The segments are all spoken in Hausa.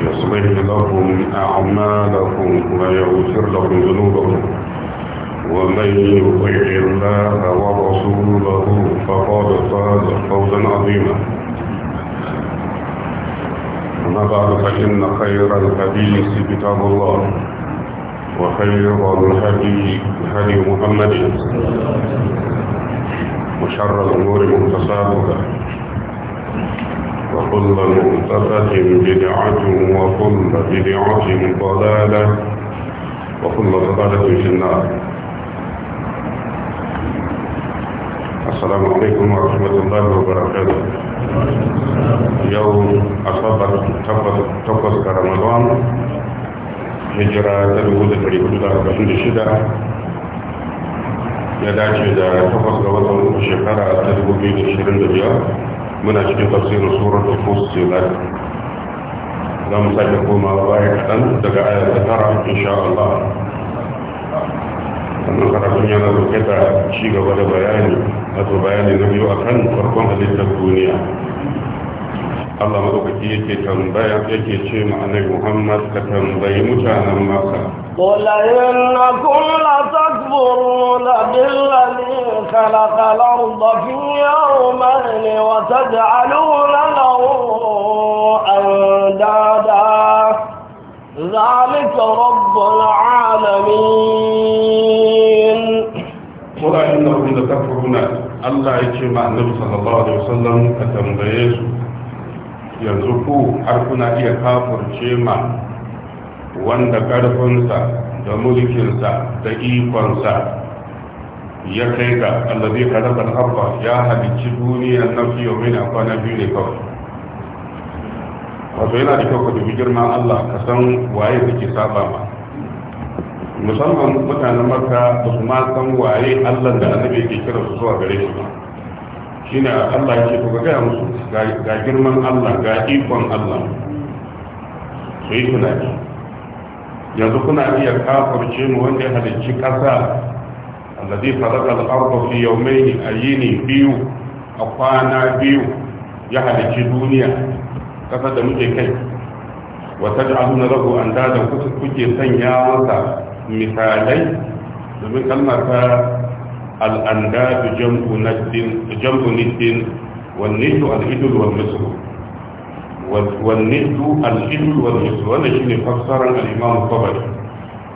يصلح لكم أعمالكم ويغفر لكم ذنوبكم ومن يطع الله ورسوله فقد فاز فوزا عظيما أما بعد فإن خير الحديث كتاب الله وخير الهدي هدي محمد وشر الأمور محدثاتها وكل مؤتفة بدعة وكل بدعة ضلالة وكل ضلالة في النار السلام عليكم ورحمة الله وبركاته يوم أصبت تقص رمضان هجرة تدود في كل 46 شدة dace da takwas ga watan shekara ta dubu muna cikin tafsirin surar fusilat za mu sake komawa baya kaɗan daga ayar ta tara insha Allah wannan karatun yana dauke da ci gaba da bayani wato bayani na biyu akan farkon halittar duniya Allah maɗaukaki yake tambaya yake ce ma annabi Muhammad ka tambayi mutanen maka. qul تكفرون بالذي خلق الأرض في يومين وتجعلون له أندادا ذلك رب العالمين قل إنهم لتكفرون الله يجمع النبي صلى الله عليه وسلم أتنبيه yanzu ku har kuna كافر kafurce ma wanda ƙarfinsa da mulkinsa da ikonsa ya kai ga allazi khalaqa al-ardha ya halicci duniya nan fi yawmin kwana biyu ne kawai wato yana da kyau ka dubi girman Allah ka san waye kake saba ma musamman mutanen makka ba su ma san waye Allah da annabi yake kira su zuwa gare shi ba shine Allah yake to ga gaya musu ga girman Allah ga ikon Allah su yi tunani yanzu kuna iya kafurce mu wanda ya halicci ƙasa alladhi khalaqa al-ardha fi yawmayn ayini biyu a kwana biyu ya halicci duniya ƙasa da muke kai wa taj'aluna lahu andadan kuke sanya masa misalai domin kalmar ta al-andadu jam'u niddin wa niddu al-idul wal والند الإبل والنسل وانا شيني فسر الإمام الطبري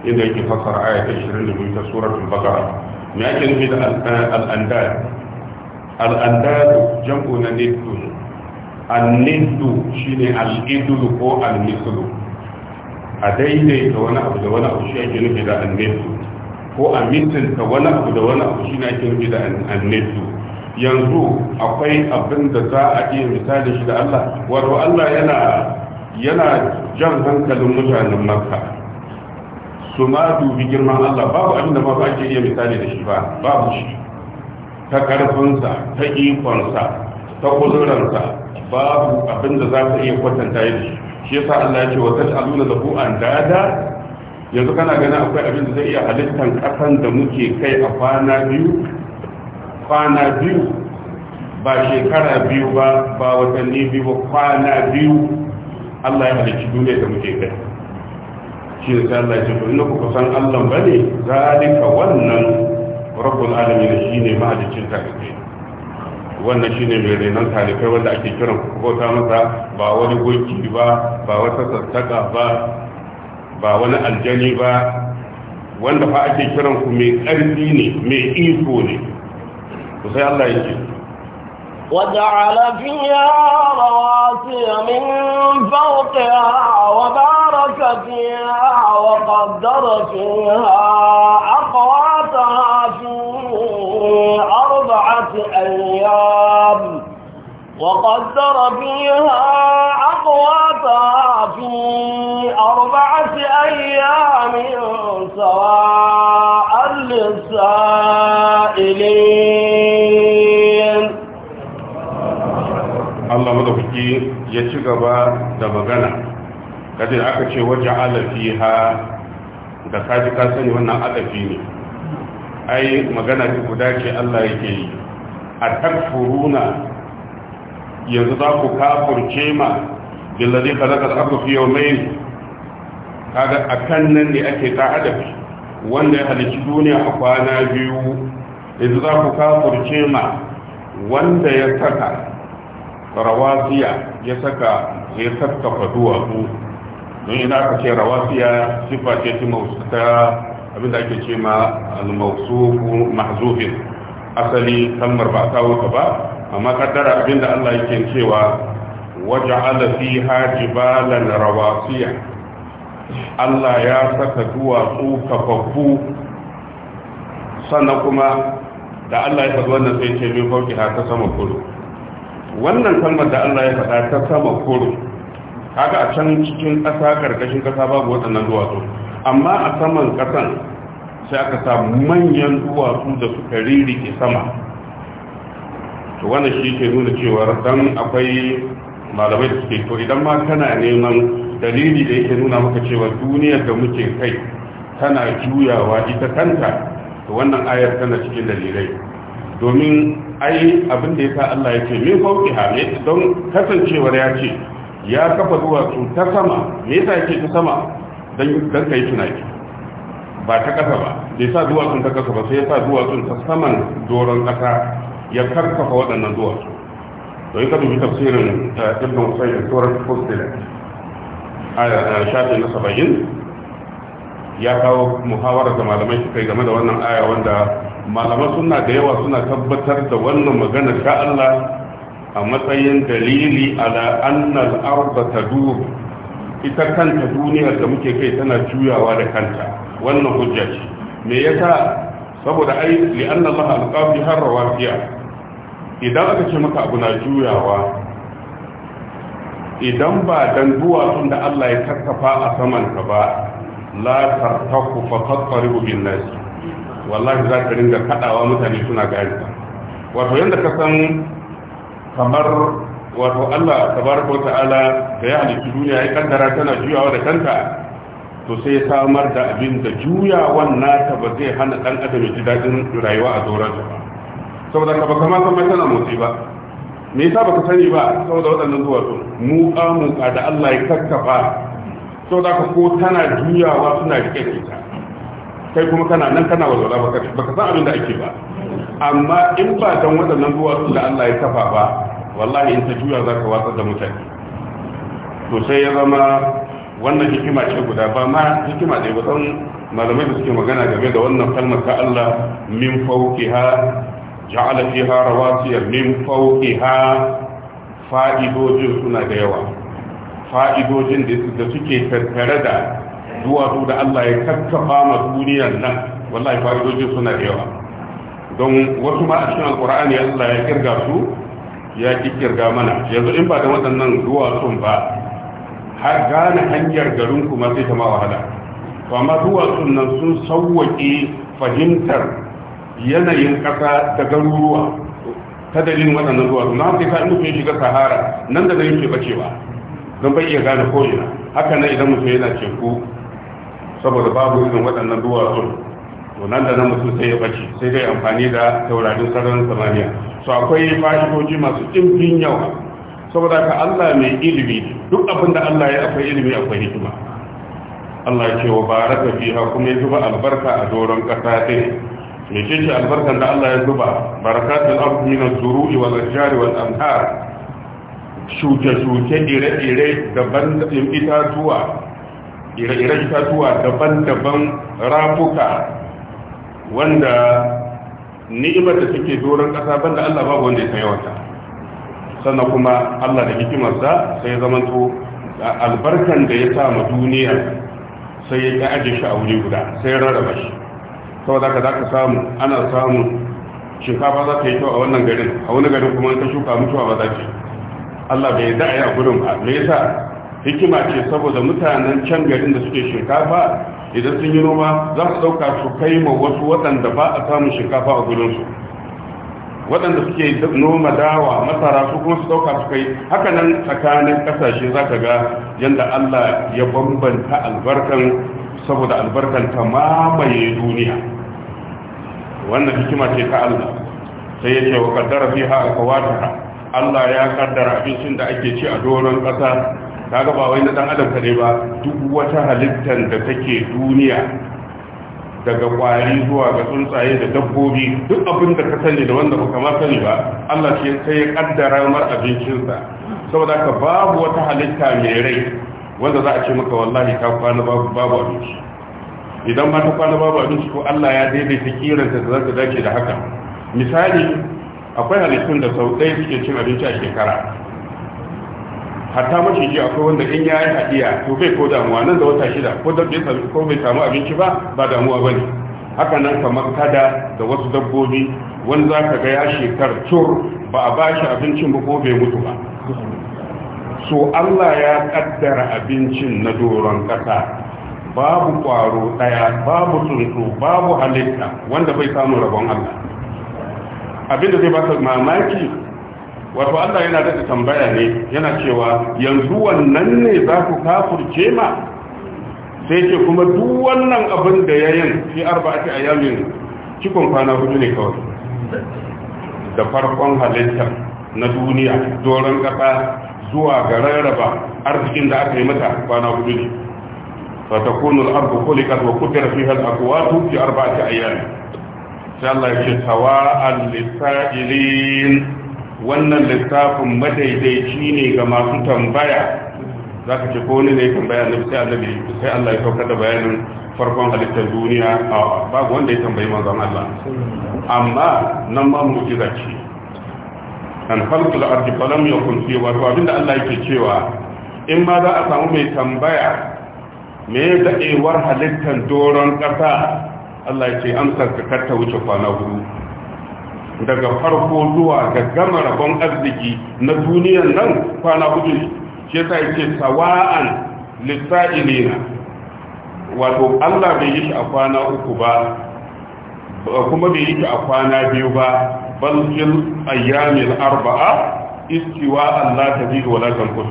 إذا يجي فسر آية 20 من سورة البقرة ما كان في الأنداد الأنداد جمعنا ند الند شيني الإبل هو النسل أديني وانا أبدا وانا أشياء جنبي النسل ko a mitinta wani abu da wani abu shi na ake nufi da annetu yanzu akwai abin da za a iya misali shi da Allah wato Allah yana yana jan hankalin mutanen makka su ma dubi girman Allah babu abin da ma ba ake iya misali da shi ba babu shi ta ƙarfinsa ta ikonsa ta kuzuransa babu abin da za ka iya kwatanta shi shi yasa Allah ya ce wa da taj'aluna an dada yanzu kana ganin akwai abin da zai iya halittar kasan da muke kai a kwana biyu kwana biyu ba shekara biyu ba ba watanni biyu ba kwana biyu Allah ya halicci duniya da muke kai shi ne Allah ya ce to inda kuka san Allah bane zalika wannan rabbul alamin shine ta talibai wannan shine mai renan talibai wanda ake kiran bauta masa ba wani goki ba ba wata sassaka ba ba wani aljani ba wanda fa ake kiran ku mai ƙarfi ne mai iko ne sai Allah yake وجعل فيها رواسي من فوقها وبارك فيها وقدر فيها أقواتها في أربعة أيام وقدر فيها أقواتها في أربعة أيام سواء للسائلين Allah madafuki ya ci gaba da magana kada aka ce waje alafi ha da kaji ka sani wannan alafi ne ai magana ta guda ce Allah yake yi a takfuruna yanzu za ku kafurce ma billazi khalaqa al-ardha fi yawmayn kaga akan nan ne ake ta adabi wanda ya halici duniya a kwana biyu yanzu za ku kafurce ma wanda ya saka rawasiya ya saka ya sassafa duwatsu don ina aka ce rawasiya siffa ce ta da ake ce ma almausufu mahzufin asali kalmar ba ta ka ba amma kaddara abinda Allah yake cewa alafi fiha balan rawasiya Allah ya saka duwatsu kafafu sannan kuma da Allah ya faɗi wannan sai ce min fauki ha ta sama kudu wannan kalmar da Allah ya faɗa ta sama koro kaga a can cikin ƙasa ƙarƙashin ƙasa babu waɗannan duwatsu amma a saman ƙasan sai aka sa manyan duwatsu da suka ririke sama to wannan shi ke nuna cewar dan akwai malamai da suke to idan ma kana neman dalili da yake nuna maka cewa duniya da muke kai tana juyawa ita kanta to wannan ayar tana cikin dalilai domin ai abin da ya sa Allah ya ce min fauki hame don kasancewar ya ce ya kafa duwatsu ta sama me yasa yake ta sama don dan kai tunaki ba ta kasa ba da yasa sun ta kasa ba sai yasa sun ta saman doron kasa ya karkafa waɗannan duwatsu don ka dubi tafsirin eh, ibn Usayd surat Fussilat aya eh, shafi na 70 ya kawo muhawarar da malamai su kai game da wannan aya wanda malaman suna da yawa suna tabbatar da wannan magana sha Allah a matsayin dalili ala annal arda tadur ita kanta duniyar da muke kai tana juyawa da kanta wannan hujja ce me yasa saboda ai li anna Allah alqafi har rawafiya idan aka ce maka abu na juyawa idan ba dan duwatsun da Allah ya karkafa a saman ka ba la tartaku fa tattaribu bin nasi wallahi za ka ringa kaɗawa mutane suna gari wato yadda ka san kamar wato Allah tabaraka ta'ala da ya halittu duniya ya kaddara tana juyawa da kanta to sai samar da abin da juyawan nata ba zai hana dan adam ji dadin rayuwa a doron ba saboda ka ba kama san mai tana motsi ba me yasa baka sani ba saboda waɗannan ka mu ka da Allah ya kakkafa saboda ka ko tana juyawa suna rike da ita kai kuma kana nan kana walwala baka san abin da ake ba amma in ba dan waɗannan duwatsu da Allah ya kafa ba wallahi in ta juya za ka watsa da mutane to sai ya zama wannan hikima ce guda ba ma hikima ɗaya ba san malamai da suke magana game da wannan kalmar ta Allah min fawqiha ja'ala fiha rawasiya min fawqiha fa'idojin suna da yawa fa'idojin da suke tattare da duwatsu da Allah ya kakkafa ma duniyar nan wallahi fa'idojin suna da yawa don wasu ma a cikin alkur'ani Allah ya kirga su ya kirga mana yanzu in ba da waɗannan duwatsun ba har gane hanyar garin ma sai ta ma wahala to amma duwatsun nan sun sauwaƙe fahimtar yanayin ƙasa da garuruwa ta dalilin waɗannan duwatsun na haka in mutum ya shiga sahara nan da nan yake bacewa don bai iya gane ko ina. haka nan idan mutum yana teku saboda babu irin waɗannan duwatsun to nan da nan mutum sai ya bace sai dai amfani da taurarin sararin samaniya to akwai fa'idoji masu ɗimbin yawa saboda ka Allah mai ilimi duk abin da Allah ya akwai ilimi akwai hikima Allah ya ce wa baraka fiha kuma ya zuba albarka a doron kasa din me ce albarkan da Allah ya zuba barakatul ardi min az-zuru'i wal ashjari wal anhar shuke-shuke ire-ire daban itatuwa ire-iren itatuwa daban-daban rafuka wanda ni'imar da take doron ƙasa banda Allah babu wanda ya san yawanta sannan kuma Allah da hikimarsa sai zamanto albarkan da ya sa ma duniya sai ya ƙi aje shi a wuri guda sai rarraba shi saboda ka za ka samu ana samun shinkafa za ta yi kyau a wannan garin a wani garin kuma ta shuka mutuwa ba za ce Allah bai da a yi a gurin ba me yasa hikima ce saboda mutanen can garin da suke shinkafa idan sun yi noma za su dauka su kai ma wasu waɗanda ba a samun shinkafa a gurinsu waɗanda suke noma dawa masara su kuma su dauka su kai haka nan tsakanin ƙasashe za ka ga yadda allah ya bambanta albarkan saboda albarkan ta mamaye duniya wannan hikima ce ta allah sai ya ce wa kaddara fiha akwatiha allah ya kaddara abincin da ake ci a doron ƙasa kaga ba wai na dan adam kare ba duk wata halittar da take duniya daga kwari zuwa ga tsuntsaye da dabbobi duk abin da ka sani da wanda baka ma sani ba Allah shi sai ya kaddara mar sa saboda ka babu wata halitta mai rai wanda za a ce maka wallahi ta kwana babu babu abinci idan ma ta kwana babu abinci ko Allah ya daidaita kiranta da za ta dace da haka misali akwai halittun da sau ɗaya suke cin abinci a shekara hatta maciji akwai wanda in ya yi hadiya to bai ko damuwa nan da wata shida ko da ko bai samu abinci ba ba damuwa ba ne haka nan kamar kada da wasu dabbobi wani za ka ga ya shekar cur ba a ba shi abincin ba ko bai mutu ba so allah ya kaddara abincin na doron kasa babu kwaro daya babu tsuntsu babu halitta wanda bai samu rabon allah abinda zai ba mamaki wato Allah yana da tambaya ne yana cewa yanzu wannan ne za ku kafurce ma sai ce kuma duk wannan abin da ya yin fi arba'ati yamin cikon kwana hudu ne kawai da farkon halitta na duniya doron kasa zuwa ga rarraba arzikin da aka yi mata kwana hudu ne فتكون الأرض خلقت وقدر فيها الأقوات fi أربعة أيام إن شاء الله يكون سواء lisailin wannan lissafin madaidaici ne ga masu tambaya za ka ce ko ne ne tambaya na sai annabi sai Allah ya saukar da bayanin farkon halittar duniya a babu wanda ya tambayi manzon Allah amma nan ma mu ce an khalqa da ardi falam ya fi wa to abinda Allah yake cewa in ma za a samu mai tambaya me daɗewar halittar doron ƙasa Allah ya ce amsar ka karta wuce kwana hudu daga farko zuwa ga gama rabon arziki na duniyan nan kwana hudu shi yasa yake sawa'an lissa'ilina wato Allah bai yi shi a kwana uku ba kuma bai yi shi a kwana biyu ba bal ayyamin arba'a istiwa Allah ta tabidu wala tanqus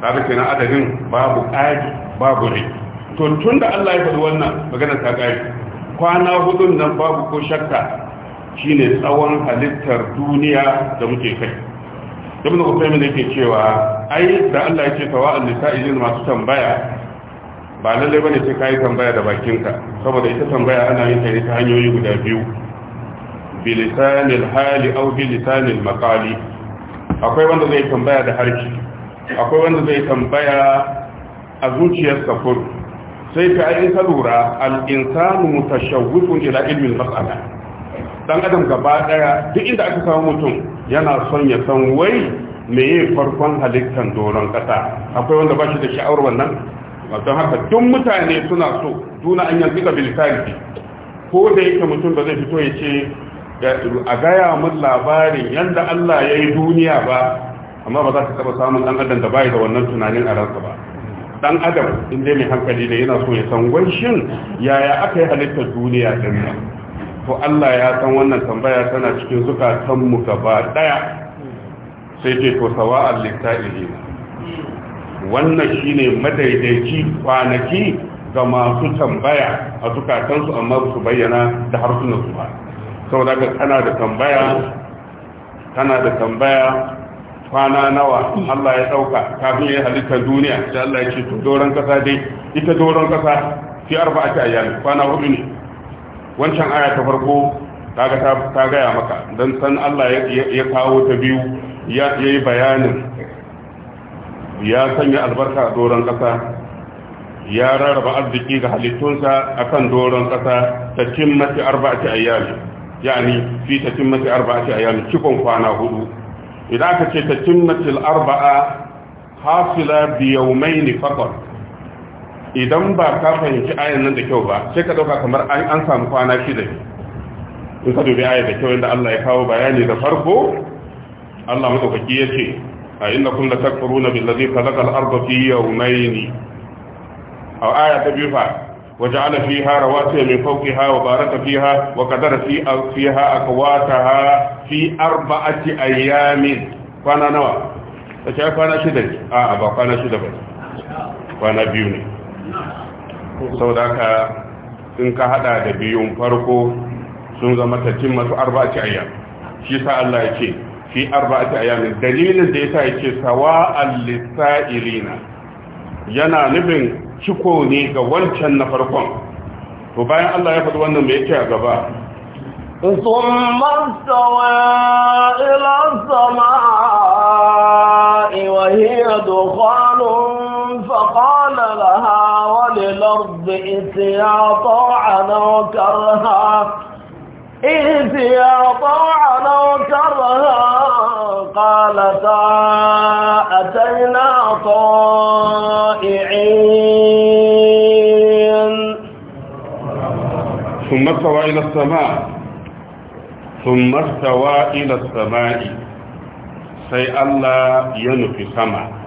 kaga na adadin babu ƙari babu ne to da Allah ya faɗi wannan magana ta ƙari kwana hudun nan babu ko shakka shine tsawon halittar duniya da muke kai ibn ne yake cewa ai da Allah yake tawa an-nisa'i lil masu tambaya ba lalle bane sai kai tambaya da bakinka saboda ita tambaya ana yin ta ne ta hanyoyi guda biyu bi hali aw bi lisanil maqali akwai wanda zai tambaya da harshe akwai wanda zai tambaya a zuciyar safur sai ka ayi ka lura al-insanu mutashawwifun ila ilmi al-mas'ala dan adam gaba daya duk inda aka samu mutum yana son ya san wai me meye farkon halittar doron kasa akwai wanda ba shi da sha'awar wannan don haka duk mutane suna so duna an yanzu ga bilisari ko da yake mutum ba zai fito ya ce a gaya mun labarin yadda Allah ya yi duniya ba amma ba za ka taba samun dan adam da bai da wannan tunanin a ransa ba dan adam inda mai hankali ne yana so ya san wai shin yaya aka yi halittar duniya din nan to Allah ya san wannan tambaya tana cikin zukatanmu gaba daya sai ce to sawa'al litaili wannan shine madaidaici kwanaki ga masu tambaya a zukatansu amma su bayyana da harsunan su ba saboda ka kana da tambaya kana da tambaya kwana nawa Allah ya dauka kafin ya halitta duniya sai Allah ya ce to doron kasa dai ita doron kasa fi arba'ati ayyam kwana hudu ne wancan aya ta farko kaga ta gaya maka don san Allah ya kawo ta biyu ya yi bayanin ya sanya albarka a doron ƙasa ya rarraba arziki ga halittunsa akan kan doron ƙasa ta cimmati arba'ati ayyami yani fi ta cimmati arba'ati ayyami cikon kwana hudu idan aka ce ta cimmati arba'a hasila biyaumaini faqat idan ba ka fahimci ayan nan da kyau ba sai ka dauka kamar an samu kwana shi da in ka dubi ayan da kyau inda Allah ya kawo bayani da farko Allah madaukaki ya ce a innakum la takfuruna billazi khalaqa al-ardha fi yawmayn A aya ta biyu fa وجعل فيها رواسي من فوقها وبارك فيها وقدر في فيها أقواتها في أربعة أيام فانا نوى فشاء فانا شدك آه أبا فانا Kwana biyu ne. saudaka in ka hada da biyun farko sun zama tattin masu arba'ati ayyam shi sa Allah ya ce fi arba'ati ayyam dalilin da yasa yake sawa'al lisailina yana nufin ciko ne ga wancan na farkon to bayan Allah ya faɗi wannan me yake a gaba ثم استوى إلى السماء وهي دخان فقال لها وللأرض اتيا طوعنا وكرها اتيا طوعنا وكرها قالتا أتينا طائعين ثم استوى إلى السماء ثم استوى إلى السماء سي الله ينفي سماء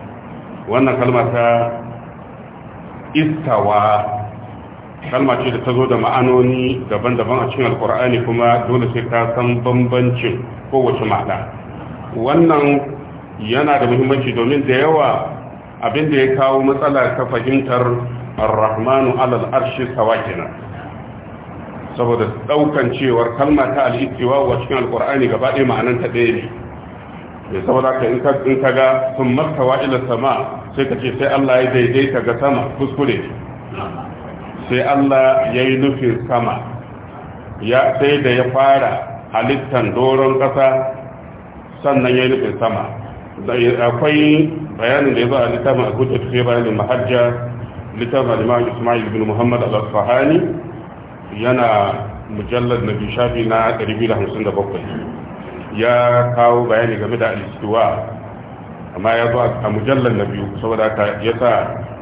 wannan kalma ta istawa kalma ce da ta zo da ma'anoni daban-daban a cikin alkur'ani kuma dole sai ta san bambancin kowace ma'ana wannan yana da muhimmanci domin da yawa abin da ya kawo matsala ta fahimtar Al-Rahmanu alal arshi sawa kenan saboda daukan cewar kalma ta al-istiwa wa cikin alkur'ani gaba ɗaya ma'anan ta ɗaya ne ya saboda ka in ka ga sun marka ila sama sai ka ce sai Allah ya daidaita ga sama kuskure sai Allah ya yi nufin sama ya sai da ya fara halittan doron ƙasa sannan ya yi nufin sama akwai bayanin da ya zo a littafin alhuta fi bayanin mahajja littafin alimam ismail bin muhammad al-asfahani yana mujallar na bishafi na 257 ya kawo bayani game da alistuwa amma ya zo a mujallar na biyu saboda ka ya sa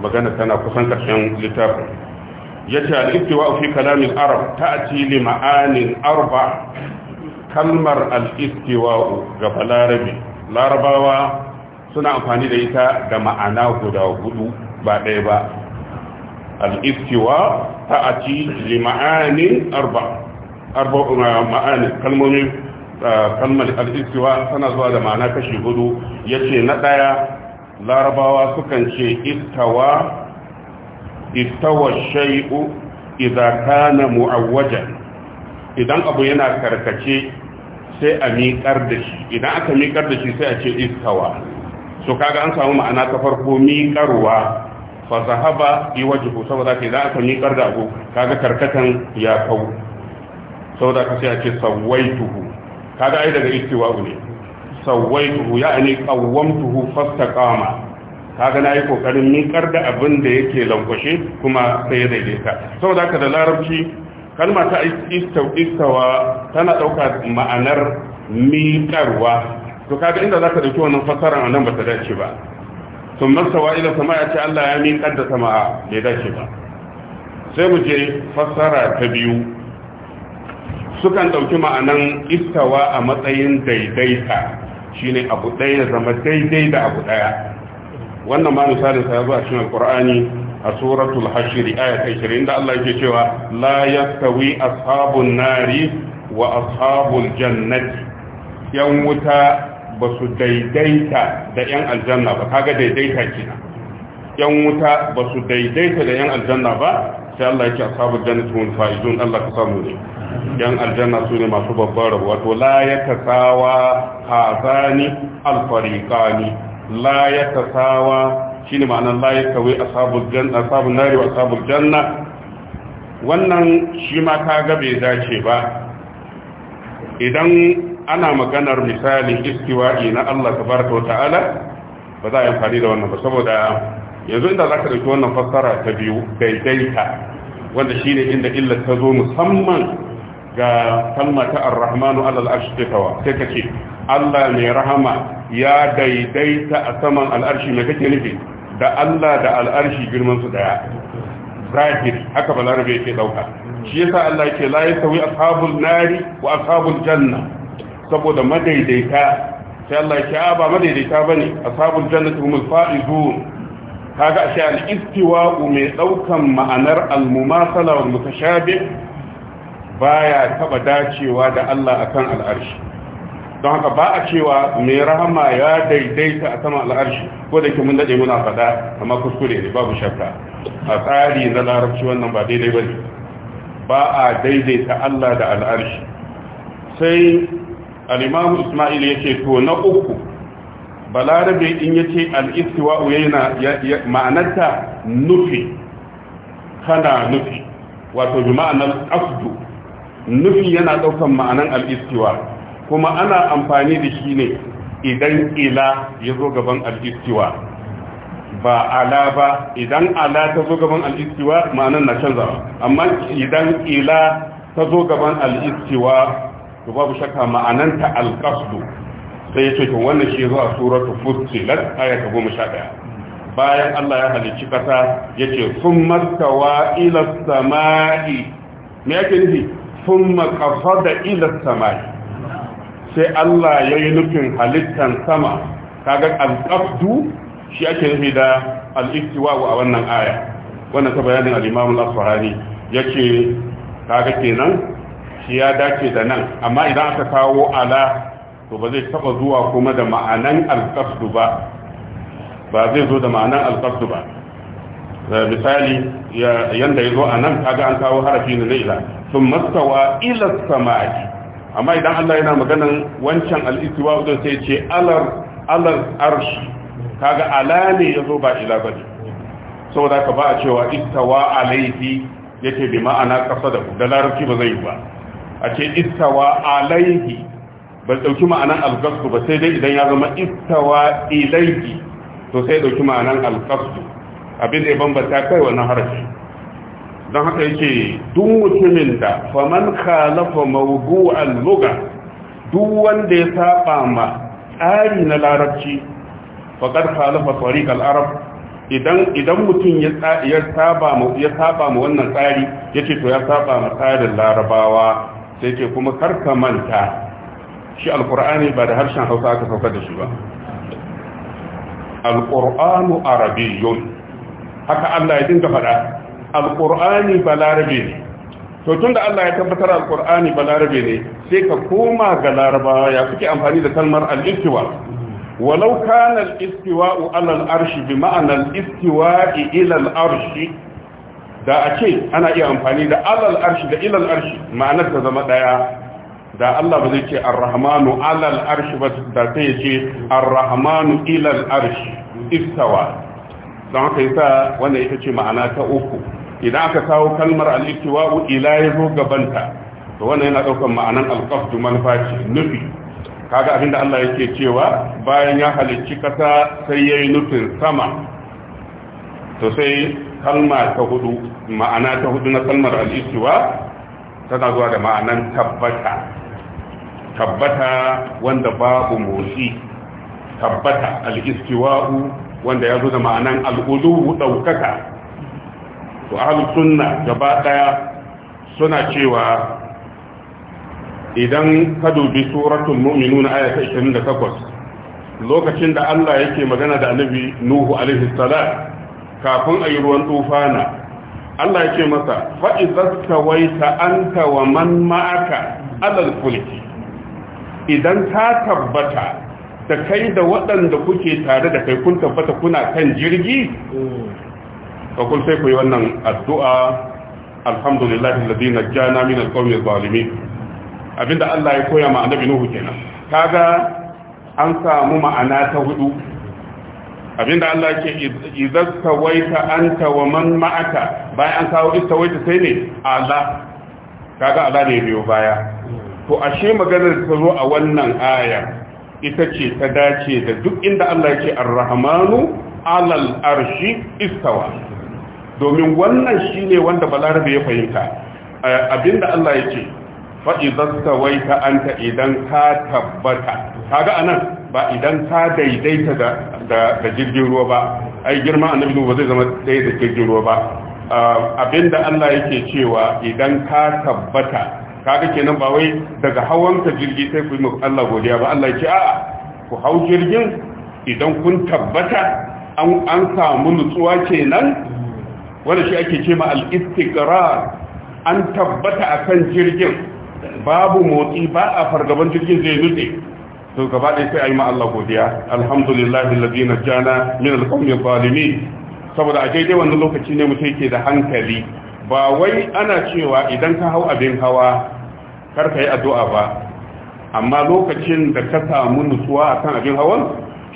magana tana kusan karshen littafin ya ce alistuwa fi kalamin arab ta li ma'anin arba kalmar alistuwa ga balarabi larabawa suna amfani da ita da ma'ana guda hudu ba ɗaya ba alistuwa ta li ma'anin arba arba ma'anin kalmomin kalmar al'istiwa tana zuwa da ma'ana kashi hudu ya ce na ɗaya larabawa sukan ce istawa istawa shai'u idan kana mu'awwajan idan abu yana karkace sai a miƙar da shi idan aka miƙar da shi sai a ce istawa so kaga an samu ma'ana ta farko miƙarwa fa zahaba yi wajibu saboda ka idan aka miƙar da abu kaga karkatan ya kau saboda ka sai a ce sawwaituhu kaga ai daga istiwa ne sawaituhu ya'ani qawwamtuhu fastaqama kaga nayi kokarin miƙar da abin da yake lankwashe kuma sai ya daidaita saboda haka da larabci kalma ta istawa tana dauka ma'anar miƙarwa to kaga inda zaka dauki wannan fasara a nan ba ta dace ba sun sawa ila sama ya Allah ya miƙar da sama bai dace ba sai mu je fasara ta biyu sukan ɗauki ma'anan istawa a matsayin daidaita Shi ne abu ɗaya ya zama daidai da abu ɗaya wannan ma misalin sa ya zuwa cikin alqur'ani a suratul hashr aya 20 da Allah yake cewa la yastawi ashabun nari wa ashabul jannati yan wuta ba su daidaita da yan aljanna ba kaga daidaita kina yan wuta ba su daidaita da yan aljanna ba sai Allah yake ashabul jannati hum faizun Allah ka samu ne yan aljanna su ne masu babban rabu la ya tasawa hazani alfariqani la ya tasawa shine ma'anar la ya kawai ashabul janna ashabun nari wa ashabul janna wannan shi ma kaga bai dace ba idan ana maganar misalin istiwa'i na Allah tabaraka Ta'ala, ba za a yi amfani da wannan ba saboda yanzu inda za ka ɗauki wannan fassara ta biyu daidaita wanda shi ne inda illar ta zo musamman ga kalmata ta ar-rahmanu alal arshi tawa sai ka Allah mai rahama ya daidaita a saman al'arshi mai kake nufi da Allah da al'arshi girman su daya zahir haka balarabe yake dauka shi yasa Allah yake la yasawi ashabul nari wa ashabul janna saboda madaidaita sai Allah yake a ba madaidaita bane ashabul jannati humul faizun kaga ashe al-istiwa mai daukan ma'anar al-mumasala wal mutashabih baya taba dacewa da Allah akan al'arshi don haka ba a cewa mai rahama ya daidaita a saman al'arshi ko da ke mun dade muna faɗa amma kuskure ne babu shakka a tsari na larabci wannan ba daidai ba ne ba a daidaita Allah da al'arshi sai al'imamu ismail ya ce to na uku balarabe in ya ce al'istiwa yana ma'anarta nufi kana nufi wato bi ma'anar afdu nufi yana ɗaukan ma'anan al'istiwa kuma ana amfani da shi ne idan ila ya zo gaban al'istiwa ba ala ba idan ala ta zo gaban al'istiwa ma'anan na canzawa amma idan ila ta zo gaban al'istiwa to babu shakka ma'ananta alƙasdu sai ya ce to wannan shi zuwa suratu fussilat aya ta goma sha ɗaya bayan Allah ya halicci ƙasa ya ce sun mastawa ila sama'i me ake nufi sun makafa da ilar samai sai Allah ya yi nufin halittan sama kaga alƙabdu shi ake nufi da al'iftiwawu a wannan aya wannan ta bayanin al asfahani ya ce kaga kenan shi ya dace da nan amma idan aka kawo ala to ba zai taba zuwa kuma da ma'anan alƙabdu ba ba zai zo da ma'anan alƙabdu ba misali yanda ya zo a nan kaga an kawo harafi na ila sun mastawa ilar samari amma idan Allah yana maganan wancan al'istiwa wajen sai ce alar arshi kaga ala ne ya zo ba ila ba ne saboda ka ba a cewa istawa alaihi yake bi ma'ana ƙasa da da larabci ba zai yi ba a ce istawa alaihi ba ɗauki ma'anan alƙasdu ba sai dai idan ya zama istawa ilaihi to sai ɗauki ma'anan alƙasdu abin da ya bambanta kai wannan harshe don haka yake duk mutumin da faman khalafa mawdu'al lugha duk wanda ya saba ma tsari na larabci faqad khalafa tariq al-arab idan idan mutum ya ya saba ma ya saba ma wannan tsari yace to ya saba ma tsarin larabawa sai ce kuma karka manta shi alqur'ani ba da harshen Hausa aka sauka da shi ba alqur'anu arabiyyun haka Allah ya dinga faɗa alƙur'ani balarabe ne to tunda Allah ya tabbatar alƙur'ani balarabe ne sai ka koma ga Laraba ya suke amfani da kalmar al'istiwa, istiwa walau kana al-istiwa ala arshi bi ma'anar istiwa arshi da a ce ana iya amfani da alal arshi da ilal arshi ma'anar ta zama daya da Allah ba zai ce arrahmanu alal arshi ba da ta yi ce ar ilal ila arshi istawa don haka yasa wanda ita ce ma'ana ta uku idan aka kawo kalmar al-ittiwa'u ila zo gabanta to wannan yana daukar ma'anan al manufa nufi kaga da Allah yake cewa bayan ya halicci kasa sai yayi nufin sama to sai kalma ta hudu ma'ana ta hudu na kalmar al tana zuwa da ma'anan tabbata tabbata wanda babu motsi tabbata al wanda ya zo da ma'anan al ɗaukaka daukaka to sunna gaba daya suna cewa idan ka dubi suratun mu'minun aya ta 28 lokacin da Allah yake magana da annabi Nuhu alaihi salam kafin yi ruwan tufana Allah yake masa fa idza tawaita anta wa man ma'aka alal fulki idan ta tabbata da kai da waɗanda kuke tare da kai kun tabbata kuna kan jirgi فقل سيكو يوانا الدعاء الحمد لله الذي نجانا من القوم الظالمين abinda Allah ya koya ma annabi Nuhu kenan kaga an samu ma'ana ta hudu abinda Allah yake idza tawaita anta wa man ma'aka bayan an kawo istawaita sai ne Allah Allah ne biyo baya to ashe maganar ta zo a wannan aya ita ce ta dace da duk inda Allah yake ar alal arshi istawa domin wannan shi ne wanda balarabe ya fahimta eh, abinda Allah ya ce fa'izar ta an ta idan ka tabbata ga anan ba idan ka daidaita da jirgin ruwa ba ai girma a nufin ba zai zama ɗaya da jirgin ruwa ba eh, abinda Allah yake cewa idan ka tabbata ga kenan ba wai daga hawan ka jirgi sai ku yi Allah godiya ba Allah ce a'a ku hau jirgin idan kun tabbata an samu nutsuwa kenan Wani shi ake ce ma al an tabbata akan jirgin babu motsi ba a fargaban jirgin zai nutse to gaba ɗaya sai a yi ma Allah godiya alhamdulillahi allazi jana min al-qawmi saboda a daidai wannan lokaci ne mutum yake da hankali ba wai ana cewa idan ka hau abin hawa kar ka yi addu'a ba amma lokacin da ka samu nutsuwa akan abin hawan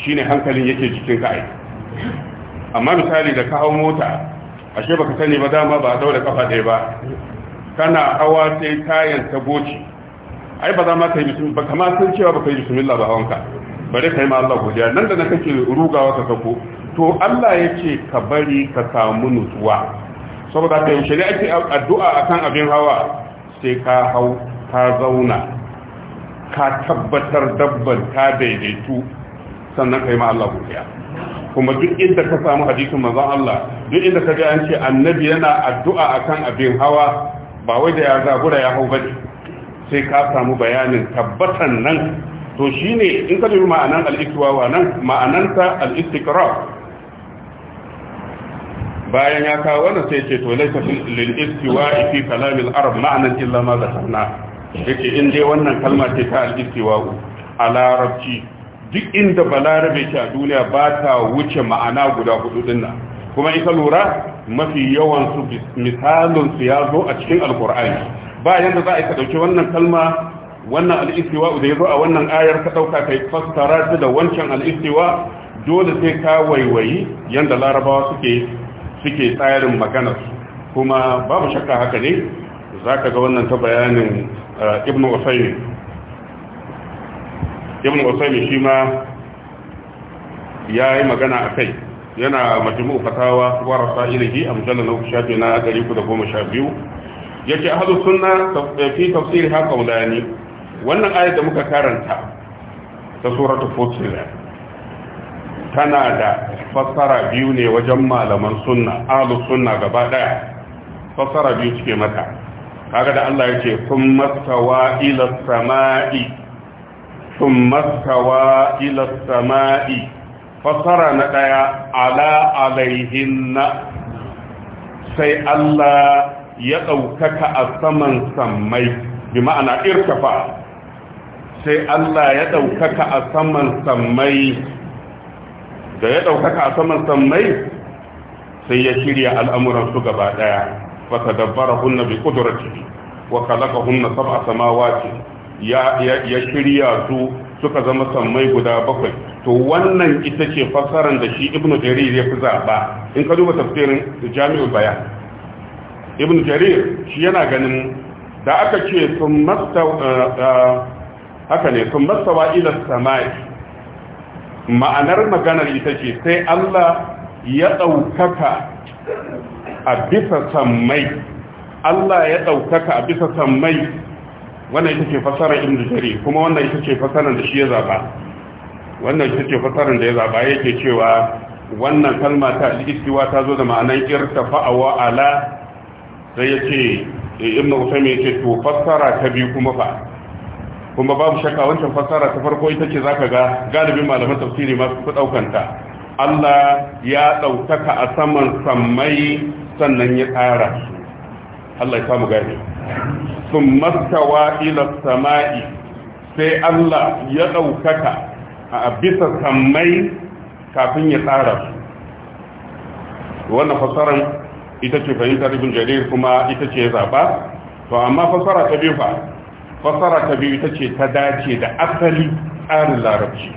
shine hankalin yake jikin ka amma misali da ka hau mota ashe baka sani ba dama ba daure kafa dai ba kana hawa sai kayan ta goci ai ba za ma ka yi bismillah ba kamar sun cewa baka yi bismillah ba hawanka bare kai ma Allah godiya nan da na kake rugawa ka kafo to Allah yace ka bari ka samu nutsuwa saboda kai shi ne ake addu'a akan abin hawa sai ka hau ka zauna ka tabbatar dabban ka daidaitu sannan kai ma Allah godiya kuma duk inda ka samu hadisin manzon Allah duk inda ka ji an ce annabi yana addu'a akan abin hawa ba wai da ya zabura ya hau bane sai ka samu bayanin tabbatan nan to shine in ka dubi ma'anan al-istiwa wa nan ma'ananta al-istiqrar bayan ya kawo wannan sai ce to laisa lil istiwa fi kalam al arab ma'anan illa ma zakarna yace in dai wannan kalma ce ta al istiwa a larabci duk inda balarabe ke a duniya ba ta wuce ma'ana guda hudu dinna kuma ita lura mafi yawan su misalin su ya zo a cikin alkur'ani ba yanda za a yi ka dauki wannan kalma wannan al'istiwa da ya zo a wannan ayar ka dauka kai fassara ta da wancan al'istiwa dole sai ka waiwayi yanda larabawa suke suke tsarin maganar kuma babu shakka haka ne za ka ga wannan ta bayanin eh, ibnu usaymin ibn usaymi shi ma ya yi magana a kai yana majmu fatawa wa rasailihi a na shafi na gari ku da goma sha biyu ya ce ahadu sunna fi tafsir ha wulani wannan ayat da muka karanta ta suratul fusilat tana da fassara biyu ne wajen malaman sunna ahlus sunna gaba daya fassara biyu cike mata kaga da Allah ya ce kun mastawa ila samai sun maskawa ila sama'i fasara na ɗaya ala alaihinna sai Allah ya ɗaukaka a saman sammai bi ma'ana irkafa sai Allah ya ɗaukaka a saman sammai da ya ɗaukaka a saman sammai sai ya shirya al'amuransu gaba ɗaya fata dabbara hunna bi ƙudurarci wa kalaka hunna saba samawa ce ya shirya su suka zama sammai guda bakwai to wannan ita ce fassarar da shi Ibn jarir ya fi zaɓa in ka duba tafsirin jami'ul bayan Ibn jarir shi yana ganin da aka ce sun eh, eh, haka ne sun mastawa ila samai ma'anar maganar ita ce sai Allah ya ɗaukaka a bisa sammai Allah ya ɗaukaka a bisa sammai wannan ita ce fasarar ibn jari kuma wannan ita ce fasarar da shi ya zaba wannan ita ce fasarar da ya zaba yake cewa wannan kalma ta al-istiwa ta zo da ma'anar irtafa'a wa ala sai yace ibn usaymin yace to fasara ta biyu kuma fa kuma babu shakka wancan fasara ta farko ita ce zaka ga galibin malaman tafsiri ma su daukanta Allah ya daukaka a saman sammai sannan ya tsara Allah ya samu gari sun mastawa ila sama'i sai Allah ya ɗaukaka a bisa sammai kafin ya tsara su wannan fasaran ita ce fahimtar ibn jarir kuma ita ce ya zaɓa to amma fasara ta biyu fa fasara ta biyu ita ce ta dace da asali tsarin larabci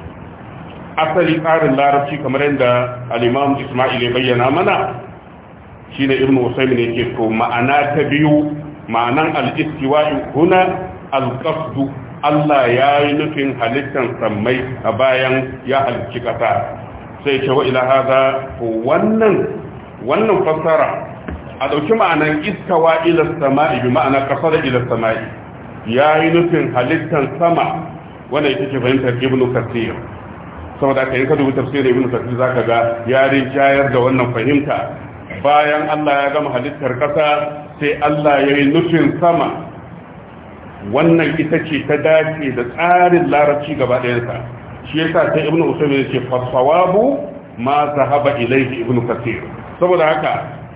asali tsarin larabci kamar yadda al'imam ismail ya bayyana mana shi ne irin wasu ne ke to ma'ana ta biyu ma'anan al-istiwa huna al Allah ya yi nufin halittar sammai a bayan ya halicci ƙasa sai ce wa ila haza wannan wannan fassara a ɗauki ma'anan istawa ila sama'i bi ma'ana da ila sama'i ya yi nufin halittar sama wanda ita ce fahimtar ibn kasir saboda aka yi ka dubi tafsirin ibnu kasir za ka ga ya rinjayar da wannan fahimta bayan Allah ya gama halittar ƙasa sai Allah ya yi nufin sama wannan ita ce ta dace da tsarin larabci gaba ɗayansa shi yasa sai ibnu Usman ya ce fasawabu ma zahaba ilaihi ibnu kathir saboda haka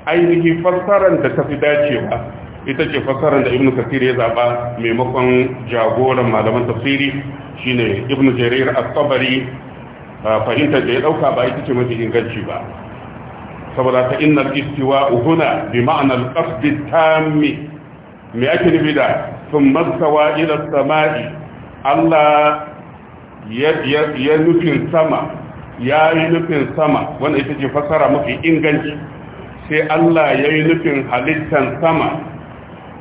ainihi fassarar da ta fi dacewa ita ce fassarar da ibnu kathir ya zaba maimakon jagoran malaman tafsiri shine ibnu jarir at-tabari fahimtar da ya dauka ba ita ce mafi inganci ba saboda ta innal istiwa'u bi ma'anar qasdi tammi me ake nufi da thumma sawa ila samai Allah ya nufin sama ya yi nufin sama wanda ita ce fasara mafi inganci sai Allah ya yi nufin halittar sama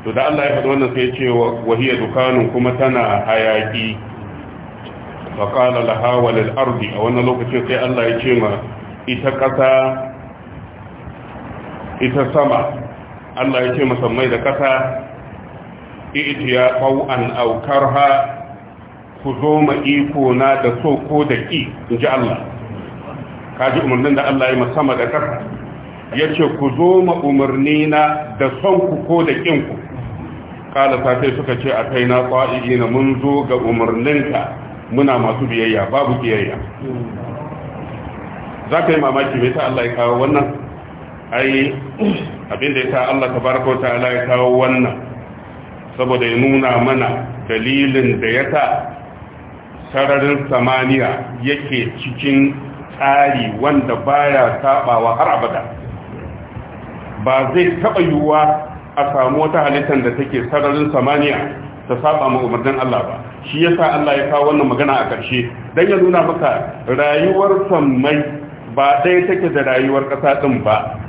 to da Allah ya faɗi wannan sai ce wahiyar dukanun kuma tana hayaki faƙala laha walil ardi a wannan lokacin sai Allah ya ce ma ita ƙasa ita sama Allah ya ce musammai da ƙasa itiya an aukar ha ku zo ma iko na da so ko da ki ji Allah kaji umarnin da Allah ya musama da ƙasa yace ku zo ma umarni na da son ku ko da kin ku kala sai suka ce a kai na na mun zo ga umarninka muna masu biyayya babu biyayya za ka yi mamaki mai ta Allah ya kawo wannan ai abinda ya sa Allah tabaraka wa ta'ala ya kawo wannan saboda ya nuna mana dalilin da ya sa sararin samaniya yake cikin tsari wanda baya sabawa har abada ba zai taba yiwuwa a samu wata halittar da take sararin samaniya ta saba ma umarnin Allah ba shi yasa Allah ya kawo wannan magana a ƙarshe dan ya nuna maka rayuwar sammai ba ɗaya take da rayuwar ƙasa ɗin ba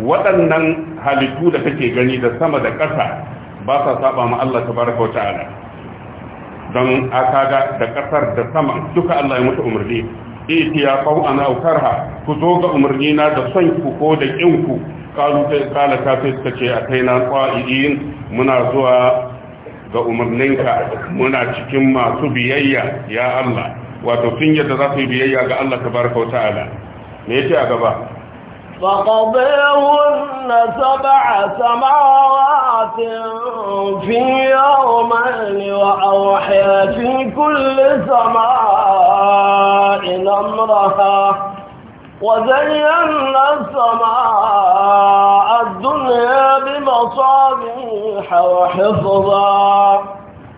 waɗannan halittu da kake gani da sama da ƙasa ba sa saba ma Allah Ta Baraka wa ta'ala don a kaga da ƙasar da sama duka Allah ya mutu umarni itiya a ana ha? ku zo ga umarni na da son ku ko da ƙin ku kalu kala fi suka ce a kai na, ƙwa'i'in muna zuwa ga umarninka muna cikin masu biyayya ya Allah wato sun yadda za su yi biyayya ga Allah Ta Baraka wa ta'ala me yace a gaba فقضيهن سبع سماوات في يومين وأوحي في كل سماء أمرها وزينا السماء الدنيا بمصابيح وحفظا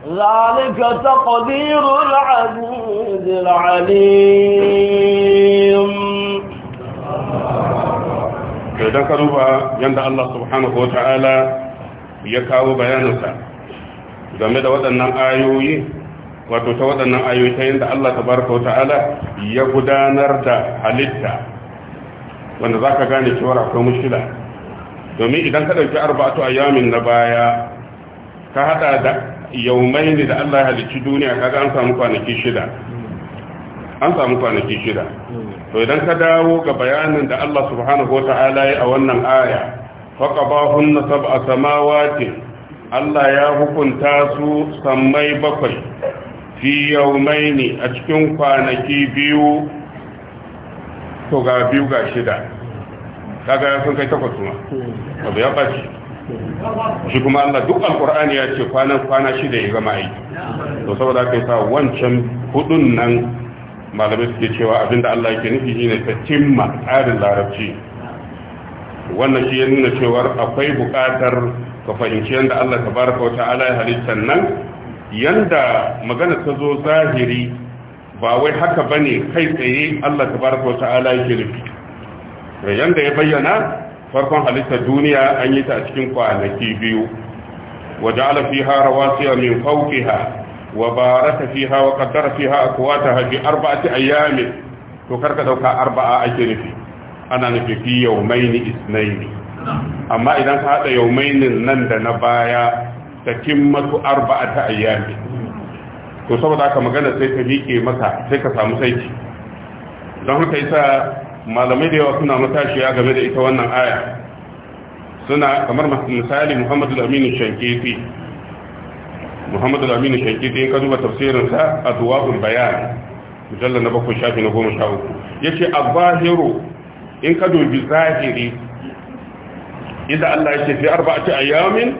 ذلك تقدير العزيز العليم to idan ka duba yadda Allah subhanahu wata'ala ya kawo bayaninsa game da waɗannan ayoyi wato ta waɗannan ayoyi ta yanda Allah tabaraka wata'ala ya gudanar da halitta wanda ka gane cewa akwai mushkila domin idan ka dauki arba'atu ayamin na baya ka hada da yaumai ne da Allah ya halicci duniya kaga an samu kwanaki shida an samu kwanaki shida to idan ka dawo ga bayanin da Allah subhanahu wa ta'ala ya a wannan aya faqabahunna sab'a samawati Allah ya hukunta su sammai bakwai fi yawmaini a cikin kwanaki biyu to ga biyu ga shida kaga sun kai takwas kuma abu ya bace shi kuma Allah duk alqur'ani ya ce kwana kwana shida ya gama aiki to saboda kai sa wancan hudun nan malamai suke cewa abinda Allah yake nufi shine ta cimma tsarin larabci wannan shi ya nuna cewa akwai buƙatar ka fahimci yadda Allah tabaraka wa ta'ala ya nan yanda magana ta zo zahiri ba wai haka ba ne kai tsaye Allah tabaraka wa ta'ala yake nufi yanda ya bayyana farkon halittar duniya an yi ta a cikin kwanaki biyu waje alafi harawa rawasiya min fauƙiha wa baraka fiha wa qaddara fiha aqwataha fi arba'ati ayyamin to karka dauka arba'a ake nufi ana nufi fi yawmaini isnaini amma idan ka haɗa yawmainin nan da na baya ta kimmatu arba'ata ayyamin to saboda haka magana sai ka miƙe maka, sai ka samu saiti don haka yasa malamai da yawa suna matashiya game da ita wannan aya suna kamar misali Muhammadu Aminu Shankiti muhammad al-amin shankiti in ka duba tafsirin sa adwabul bayan mujallal na bakwai shafi na goma sha uku yace azahiru in ka dubi zahiri idan Allah yake fi arba'ati ayamin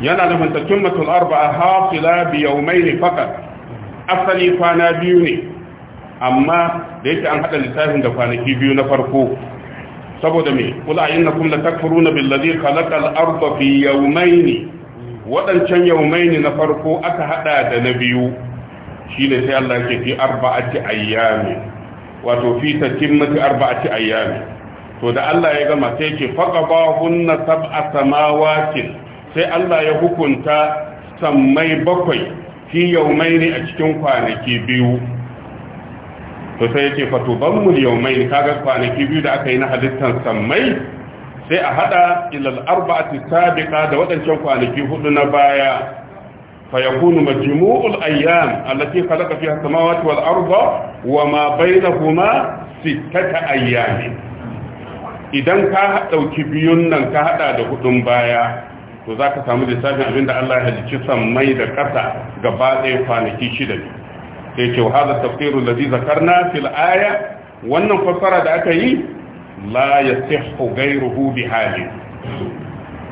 yana da mantakimatul arba'a hafila bi yawmayn faqat asali kwana biyu ne amma da yake an haɗa littafin da kwanaki biyu na farko saboda me kula innakum latakfuruna billadhi khalaqa al-ardha fi waɗancan yaumaini na farko aka hada da na biyu shi ne sai Allah ke fi arba'ati ayyami wato fi tatimmati arba'ati ayyami to da Allah ya gama sai ke hunna sab'a samawati sai Allah ya hukunta sammai bakwai fi yaumaini a cikin kwanaki biyu to sai yake fatubanmu yaumaini kaga kwanaki biyu da aka yi na halittar sammai sai a hada ilal arba'ati sabiqa da wadancan kwanaki hudu na baya fa yakunu majmu'ul ayyam allati khalaqa fiha samawati wal arda wa ma bainahuma sittata ayyam idan ka dauki biyun nan ka hada da hudun baya to zaka samu lissafin abinda Allah ya halicci sammai da ƙasa gaba ɗaya kwanaki shida ne sai ce wa hadha tafsirul ladhi zakarna fil aya wannan fassara da aka yi la yasihhu ghayruhu bi hali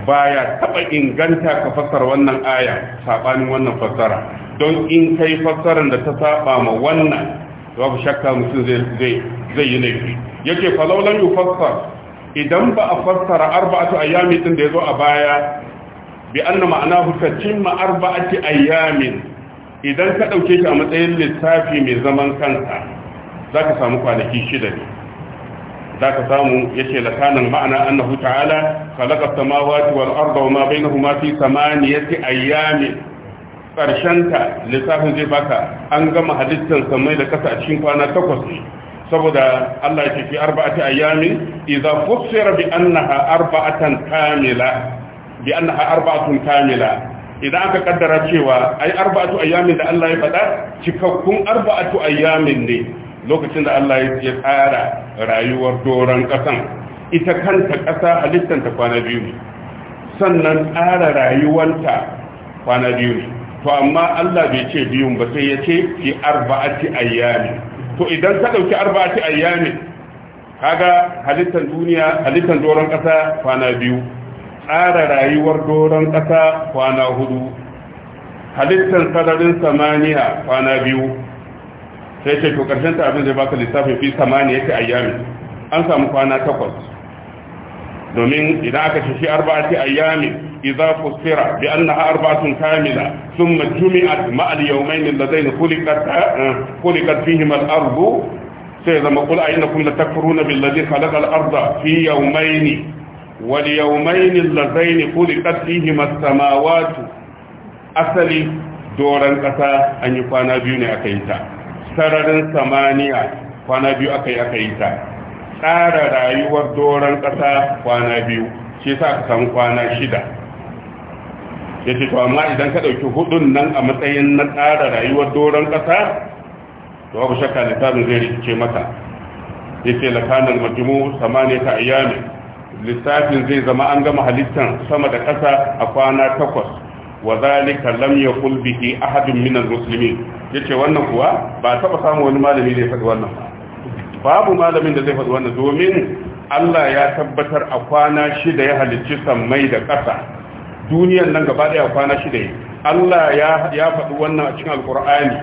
baya taba inganta ka fassara wannan aya sabanin wannan fassara don in kai fassaran da ta saba ma wannan babu shakka mutum zai yi laifi yake falaulan yi fassar idan ba a fassara arba'atu ayyamin din da ya zo a baya bi anna ma'ana huka cimma arba'ati ayyamin idan ka ɗauke shi a matsayin lissafi mai zaman kansa za ka samu kwanaki shida ne za ka samu ya ce lakanan ma'ana annahu ta'ala khalaqa samawati wal arda wa ma bainahuma fi samaniyati karshen ta lissafin zai baka an gama halittar samai da kasa a cikin kwana takwas ne saboda Allah ya ce fi arba'ati ayyamin idza fussira bi annaha arba'atan kamila bi annaha arba'atun kamila idan aka kaddara cewa ai arba'atu ayyamin da Allah ya faɗa cikakkun arba'atu ayyamin ne lokacin da Allah ya tsara rayuwar doron ƙasan ita kanta ƙasa halittanta kwana biyu ne sannan tsara rayuwanta kwana biyu ne to amma Allah bai ce biyun ba sai ya ce fi arba'ati ayyami to idan ka dauki arba'ati ayyami kaga halittar duniya halittar doron ƙasa kwana biyu tsara rayuwar doron ƙasa kwana hudu halittar sararin samaniya kwana biyu sai ce to karshen ta abin zai baka lissafi fi samaniya yake ayyami an samu kwana takwas domin idan aka ce shi arba'ati ayyami idza fusira bi annaha arba'atun kamila thumma jumi'at ma al yawmayn alladayn khuliqat eh, khuliqat fihima al ardu sai zama kul ainakum la takfuruna billadhi khalaqa al arda fi yawmayn wal yawmayn alladayn khuliqat fihima as samawati asali doran kasa an yi kwana biyu ne aka yi ta sararin samaniya kwana biyu aka yi aka yi ta tsara rayuwar doron ƙasa kwana biyu shi sa aka samu kwana shida ya ce to amma idan ka ɗauki hudun nan a matsayin na tsara rayuwar doron ƙasa to abu shakka littafin zai rikice maka ya ce lakanan majimu samaniya ta ayyami lissafin zai zama an gama halittar sama da ƙasa a kwana takwas wa zalika lam yakul bihi ahadun minal muslimin ya ce wannan kuwa ba taba samu wani malami da ya faɗi wannan ba babu malamin da zai faɗi wannan domin Allah ya tabbatar a kwana shida ya halicci sammai da ƙasa duniyan nan gaba daya kwana shida ne Allah ya faɗi wannan a cikin alkur'ani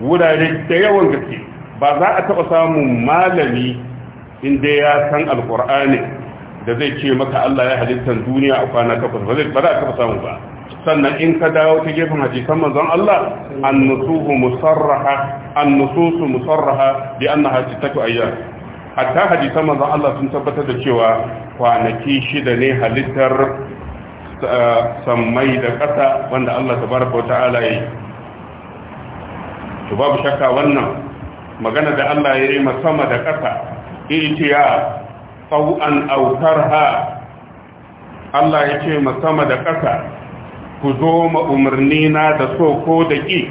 wurare da yawan gaske ba za a taba samun malami inda ya san alkur'ani da zai ce maka Allah ya halitta duniya a kwana takwas ba za a taba samu ba sannan in ka dawo ta gefen hadisan manzon Allah an annusuhu musarraha annususu musarraha bi annaha sittatu ayyam hatta hadisan manzon Allah sun tabbatar da cewa kwanaki shida ne halittar eh, sammai da ƙasa wanda Allah tabaraka wata'ala yi to babu shakka wannan magana da Allah ya yi sama da ƙasa itiya tsawon autarha Allah ya ce sama da ƙasa ku zo ma umarni na da so ko da ki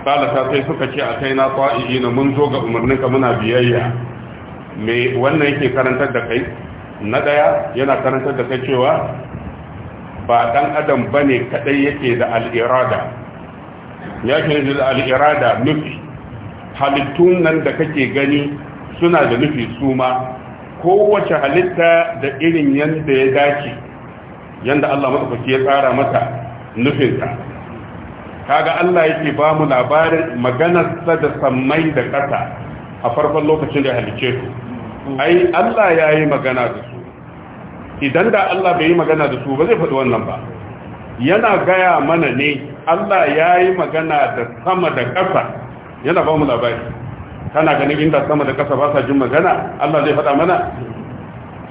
Salasa sai suka ce a kai na fa'iyi na mun zo ga umarninka muna biyayya me wannan yake karantar da kai na daya yana karantar da kai cewa ba dan adam bane kadai yake da al'irada ke da al'irada nufi halittun nan da kake gani suna da nufi su ma kowace halitta da irin yadda ya dace yanda Allah madaukaki ya tsara masa Ka kaga Allah yake ba mu labarin maganarsa da sammai da ƙasa a farkon lokacin da halice su ai Allah ya yi magana da su idan da Allah bai yi magana da su ba zai faɗi wannan ba yana gaya mana ne Allah ya yi magana da sama da ƙasa yana ba mu labari kana ganin inda sama da ƙasa ba sa jin magana Allah zai faɗa mana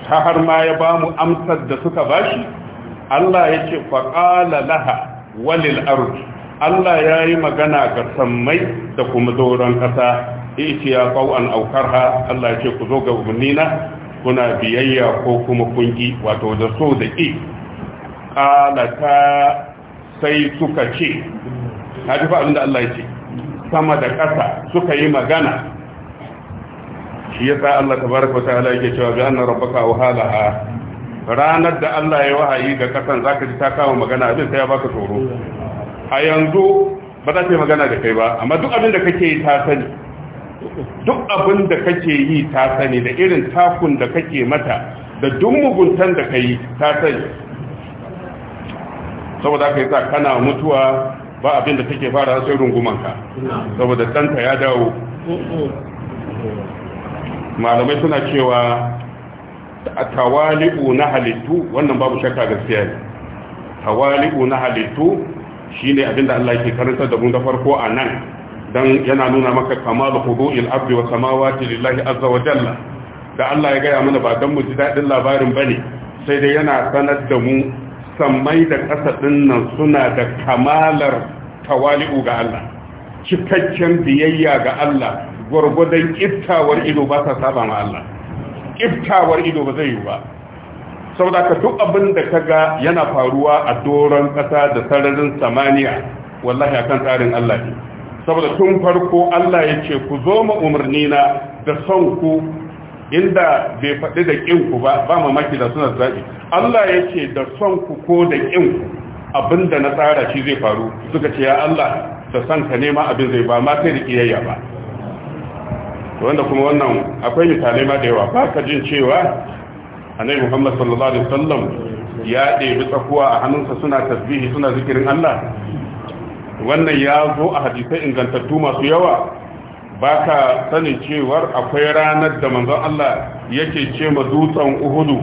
har ma ya ba mu amsar da suka bashi Allah ya ce faƙala laha walil ardi Allah ya yi magana ga sammai da kuma doron ƙasa iti ya aukar ha. Allah ya ce ku zo ga umarnina kuna biyayya ko kuma kungi wato da so da ƙi ƙalata sai suka ce na ji abin da Allah ya ce sama da ƙasa suka yi magana shi ya sa Allah ta baraka wa halayya ke cewa bi anna rabbaka awhalaha ranar da Allah ya wahayi ga kasan zaka ji ta kawo magana abin sai ya baka tsoro a yanzu ba za ta yi magana da kai ba amma duk abin da kake yi ta sani duk abin da kake yi ta sani da irin takun da kake mata da duk muguntan da kai ta sani saboda haka sa kana mutuwa ba abin da take fara sai rungumanka saboda ɗanta ya dawo malamai suna cewa tawali'u na halittu wannan babu shakka gaskiya ne tawali'u na halittu shine abinda Allah yake karanta da mun da farko a nan dan yana nuna maka kamalu hudu'il abdi wa samawati lillahi azza wa jalla da Allah ya gaya mana ba dan mu ji dadin labarin bane sai dai yana sanar da mu sammai da ƙasa dinnan suna da kamalar tawali'u ga Allah cikakken biyayya ga Allah gurgudan ittawar ido ba sa saba ma Allah ƙiftawar ido ba zai yi ba saboda ka duk abin da ka ga yana faruwa a doron ƙasa da sararin samaniya wallahi a kan tsarin Allah ne saboda tun farko Allah ya ce ku zo ma umarni na da son ku inda bai faɗi da ƙin ku ba ba mamaki da suna zaɓi Allah ya ce da son ku ko da ƙin ku abin da na tsara shi zai faru suka ce ya Allah da son ka nema abin zai ba ma kai da ƙiyayya ba wanda kuma wannan akwai mutane ma da yawa ba ka jin cewa annabi muhammad sallallahu alaihi wasallam ya ɗebi tsakuwa a hannunsa suna tasbihi suna zikirin allah wannan ya zo a hadisai ingantattu masu yawa ba ka sanin cewar akwai ranar da manzon allah yake ce ma dutsen uhudu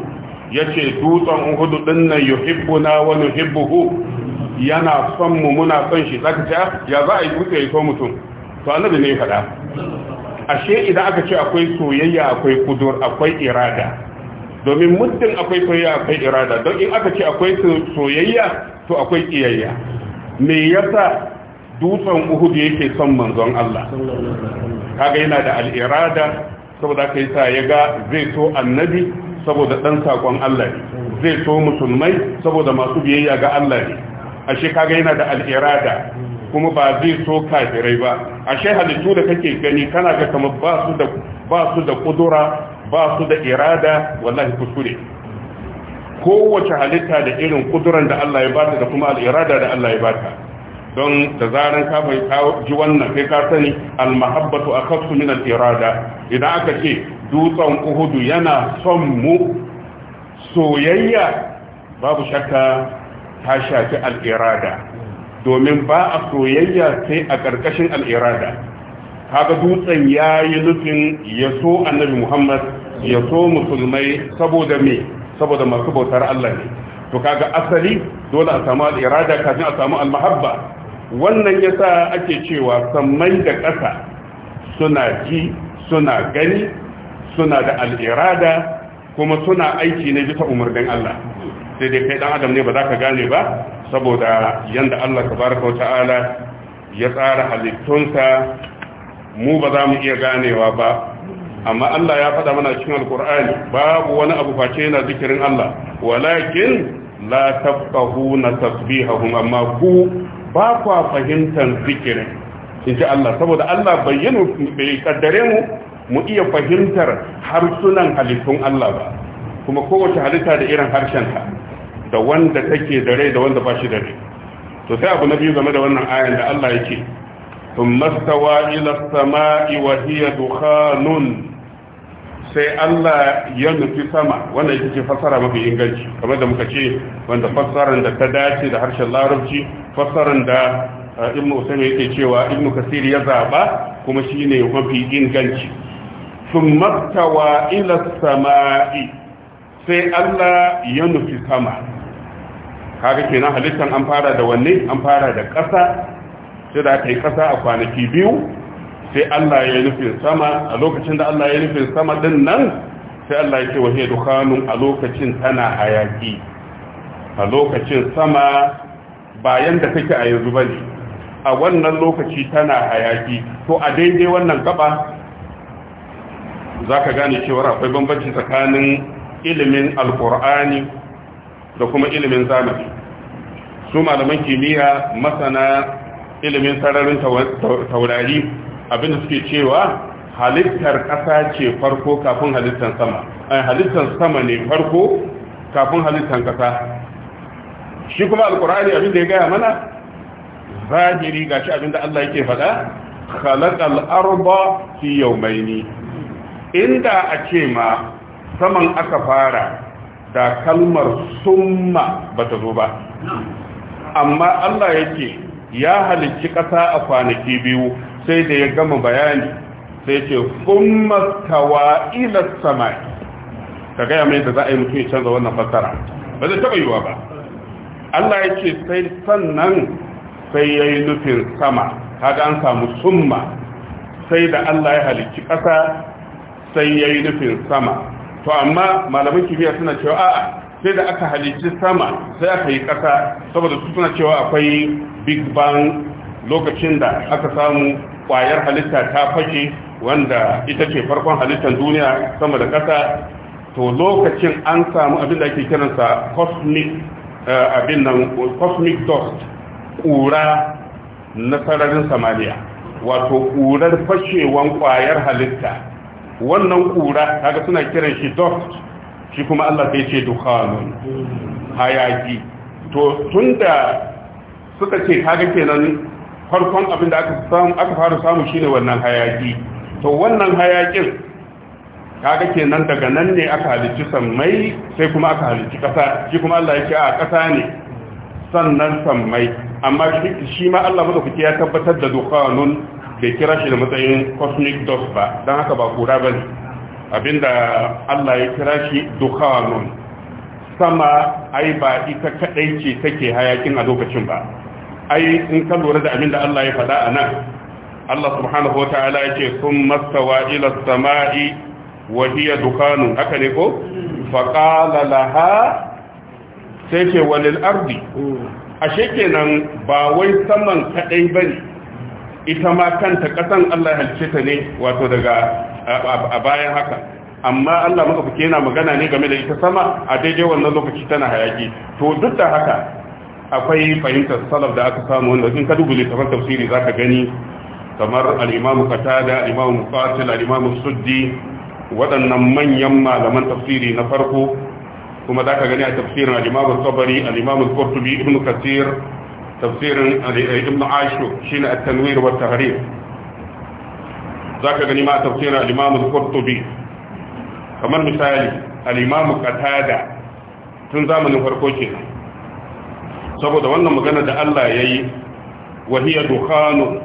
yace dutsen uhudu din nan yuhibbuna wa nuhibbuhu yana son mu muna son shi zaka ta ah, ya za a yi kuka ya so mutum to annabi ne ya faɗa ashe idan aka ce akwai soyayya akwai kudur akwai irada domin muddin akwai soyayya akwai irada don in aka ce akwai soyayya to akwai kiyayya me yasa dutsen uhud yake son manzon Allah kaga yana da al'irada saboda kai sa ya ga zai so annabi saboda dan sakon Allah ne zai so musulmai saboda masu biyayya ga Allah ne ashe kaga yana da al'irada kuma ba zai so kafirai ba ashe halittu da kake gani kana ga kamar ba su da kudura ba su da irada wallahi kuskure kowace halitta da irin kuduran da Allah ya bata da kuma irada da Allah ya bata don da zaran kafin bai ji wannan kai ka sani al-mahabbatu akhaffu min al-irada idan aka ce dutsen uhudu yana son mu soyayya babu shakka ta shafi al'irada domin ba a soyayya sai a ƙarƙashin al'irada kaga dutsen ya yi nufin ya so annabi muhammad ya so musulmai saboda me saboda masu bautar allah ne to kaga asali dole a samu al'irada kafin a samu almahabba wannan yasa ake cewa sammai da ƙasa suna ji suna gani suna da al'irada kuma suna aiki ne bisa umarnin allah sai dai kai dan adam ne ba za ka gane ba saboda yanda Allah tabaraka wata'ala ya tsara halittunsa mu ba za mu iya ganewa ba amma Allah ya faɗa mana cikin alkur'ani babu wani abu face yana zikirin Allah walakin la na tasbihahum amma ku ba fahimtar zikirin in Allah saboda Allah bayyana bai kaddare mu mu iya fahimtar harsunan halittun Allah ba kuma kowace halitta da irin harshenta da wanda take da rai da wanda ba shi da rai to sai abu na biyu game da wannan ayan da Allah yake thumma stawa ila samai wa hiya dukhanun sai Allah ya nufi sama wannan ita fassara mafi inganci kamar da muka ce wanda fassaran da ta dace da harshen larabci fassaran da uh, ibn Usaim yake cewa ibn Kasir ya zaba kuma shine mafi inganci thumma ila samai sai Allah ya nufi sama kaga kenan halittan an fara da wanne an fara da ƙasa sai da aka yi ƙasa a kwanaki biyu sai Allah ya nufin sama a lokacin da Allah ya nufin sama din nan sai Allah ya ce wa hedu dukhanun a lokacin tana hayaki a lokacin sama bayan da take a yanzu bane a wannan lokaci tana hayaki to a daidai wannan gaba zaka gane cewa akwai bambanci tsakanin ilimin Alkur'ani? da kuma ilimin zamani su malaman kimiyya masana ilimin sararin taurari abinda suke cewa halittar ƙasa ce farko kafin halittar sama ai eh, halittar sama ne farko kafin halittar ƙasa shi kuma alkur'ani abinda ya gaya mana zahiri ga shi abinda Allah yake faɗa khalaqal arda fi yawmayni inda a ce ma saman aka fara da kalmar summa ba ta zo ba amma Allah yake ya halicci ƙasa a kwanaki biyu sai da ya gama bayani sai ce summa tawa ila samai ka gaya mai da za a yi mutum ya canza wannan fassara ba zai taɓa yiwa ba Allah yake sai sannan sai ya yi nufin sama kaga an samu summa sai da Allah ya halicci ƙasa sai ya yi nufin sama to amma malaman kimiyya suna cewa a'a sai da aka halicci sama sai aka yi ƙasa saboda su suna cewa akwai big bang lokacin da aka samu ƙwayar halitta ta fashe wanda ita ce farkon halittar duniya sama da ƙasa to lokacin an samu abin da ake kiransa cosmic eh, abin nan cosmic dust ƙura na sararin samaniya wato ƙurar fashewan ƙwayar halitta wannan kura kaga suna kiran shi dof shi kuma Allah sai ce dukhanun hayaki to tunda suka ce kaga kenan farkon abin da aka samu aka fara samu shine wannan hayaki to wannan hayakin kaga kenan daga nan ne aka halicci sammai sai kuma aka halicci kasa shi kuma Allah yake a kasa ne sannan sammai amma shi ma Allah madaukaki ya tabbatar da dukhanun bai kira shi da matsayin cosmic dust ba don haka ba kura ba ne abinda Allah ya kira shi dukhanun sama ai ba ita kadai ce take hayakin a lokacin ba ai in ka lura da abinda Allah ya faɗa a nan Allah subhanahu wa ta'ala ya ce sun mastawa ila sama'i wa hiya haka ne ko faqala laha sai ce walil ardi mm. ashe kenan ba wai saman kadai bane ita ma kanta kasan Allah ya halice ta ne wato daga a bayan haka amma Allah maka yana magana ne game da ita sama a daidai wannan lokaci tana hayaki to duk da haka akwai fahimtar salaf da aka samu wanda in ka dubu littafin tafsiri zaka gani kamar al-Imam Qatada al-Imam Muqatil al-Imam Suddi waɗannan manyan malaman tafsiri na farko kuma zaka gani a tafsirin al-Imam Tabari al-Imam Qurtubi Ibn Kathir tafsirin ibn ashur shine at-tanwir wa tahrir zaka gani ma tafsirin al-imam al kamar misali al-imam qatada tun zamanin farko ke saboda wannan magana da Allah yayi wahiya dukhanu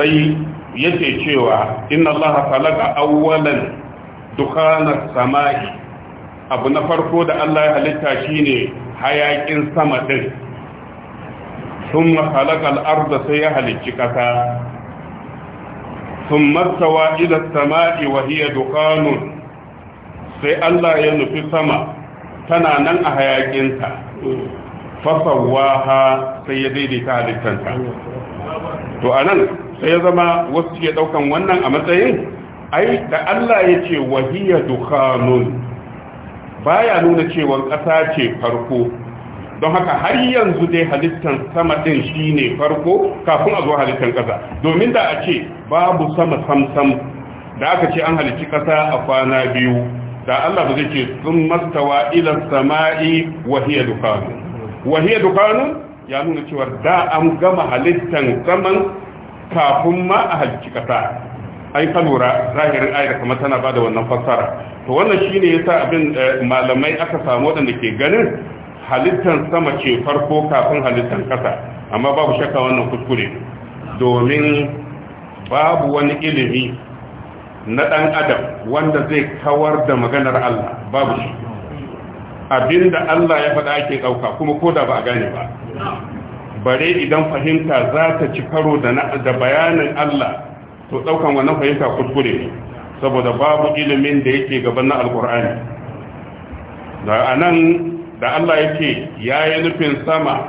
sai yake cewa inna allaha khalaqa awwalan dukhanas samai abu na farko da Allah ya halitta shine hayakin sama din ثم خلق الأرض سيهل الشكتا ثم استوى إلى السماء وهي دخان سي الله ينفي السماء تنا نن أهياجنتا فصواها سيدي لتالتنتا to a nan sai ya zama wasu ke daukan wannan a matsayin ai da Allah ya ce wahiyar dukhanun baya nuna cewa ƙasa ce farko don haka har yanzu dai halittan sama ɗin shine farko kafin a zo halittar ƙasa domin da a ce babu sama samsam da aka ce an halicci ƙasa a kwana biyu da Allah ba zai ce sun mastawa ilar sama'i wahiyar dukanu wahiyar dukanu ya nuna cewa da an gama halittan saman kafin ma a halicci ƙasa ai ka zahirin ayar kuma tana ba da wannan fassara to wannan shine yasa abin eh, malamai aka samu waɗanda ke ganin halittar sama ce farko kafin halittar kasa amma babu shakka wannan kuskure domin babu wani ilimi na ɗan adam wanda zai kawar da maganar Allah babu shi abinda Allah ya faɗa ake ɗauka kuma ko da ba a gane ba bare idan fahimta za ta ci karo da bayanin Allah to ɗaukan wannan fahimta kuskure ne saboda babu ilimin da yake gaban na alkur'ani da anan da Allah yake yayi nufin sama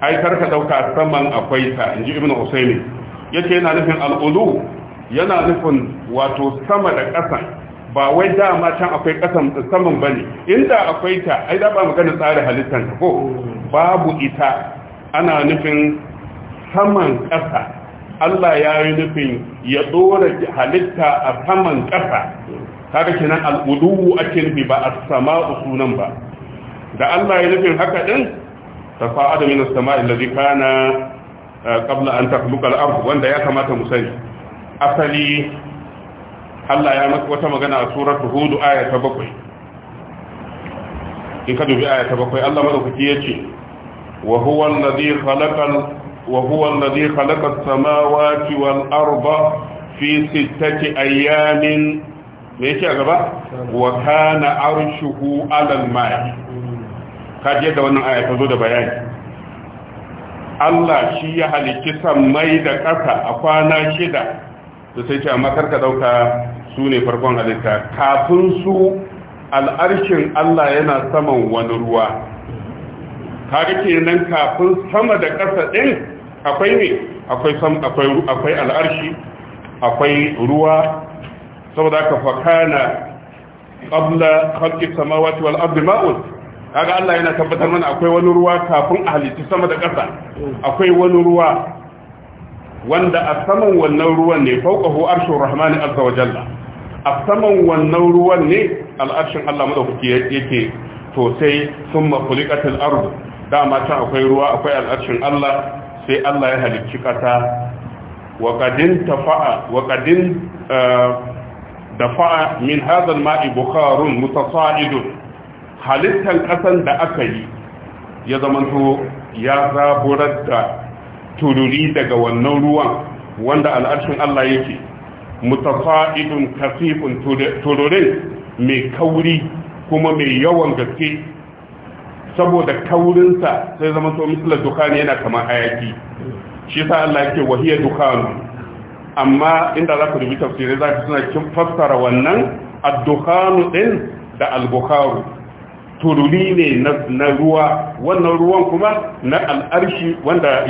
ai karka dauka saman akwai ta inji ibnu usaini yake yana nufin al'ulu yana nufin wato sama da ƙasa ba wai dama can akwai ƙasan saman bane inda akwai ta ai da ba magana tsari halittar ta ko babu ita ana nufin saman ƙasa Allah ya yi nufin ya ɗora halitta a saman ƙasa kaga kenan al'udu ake nufi ba a sama'u sunan ba da Allah ya nufin haka din tafa'ada min as-sama'i allazi kana eh, qabla an takhluqa al-ard wanda ya kamata mu sani asali Allah ya maka wata magana a suratu hud aya ta 7 in ka dubi aya ta 7 Allah madaukaki yace wa huwa allazi khalaqa wa huwa allazi khalaqa as-samawati wal-arda fi sittati ayamin me yake a gaba wa kana arshuhu alal ma'i kaji yadda wannan aya ta zo da bayani Allah shi ya halicci sammai da ƙasa a kwana shida to sai ce amma karka dauka su ne farkon halitta kafin su al'arshin Allah yana saman wani ruwa kaga kenan kafin sama da ƙasa ɗin akwai ne akwai sam akwai al'arshi akwai ruwa saboda ka fakana qabla khalqi samawati wal ardi ma'ud kaga Allah yana tabbatar mana akwai wani ruwa kafin a halitta sama da ƙasa akwai wani ruwa wanda a saman wannan ruwan ne fauqahu arshur rahmani azza wa jalla a saman wannan ruwan ne al'arshin Allah madaukaki yake to sai summa khuliqatil ard dama ta akwai ruwa akwai al'arshin Allah sai Allah ya halicci kasa wa qadin tafa'a wa qadin eh, dafa'a min hadha al-ma'i bukharun mutasa'idun halittar ƙasan da aka yi ya zamanto ya zaburar da tururi daga wannan ruwan wanda al'arshin Allah yake mutafa'idun kasifin tururin mai kauri kuma mai yawan gaske saboda kaurinsa sai zama so misla dukani yana kama hayaki shi sa Allah yake wahiya dukanu amma inda za ku rubuta tafsirai za ku suna kin fassara wannan addukanu din da albukaru tururi ne na ruwa wannan ruwan kuma na al'arshi wanda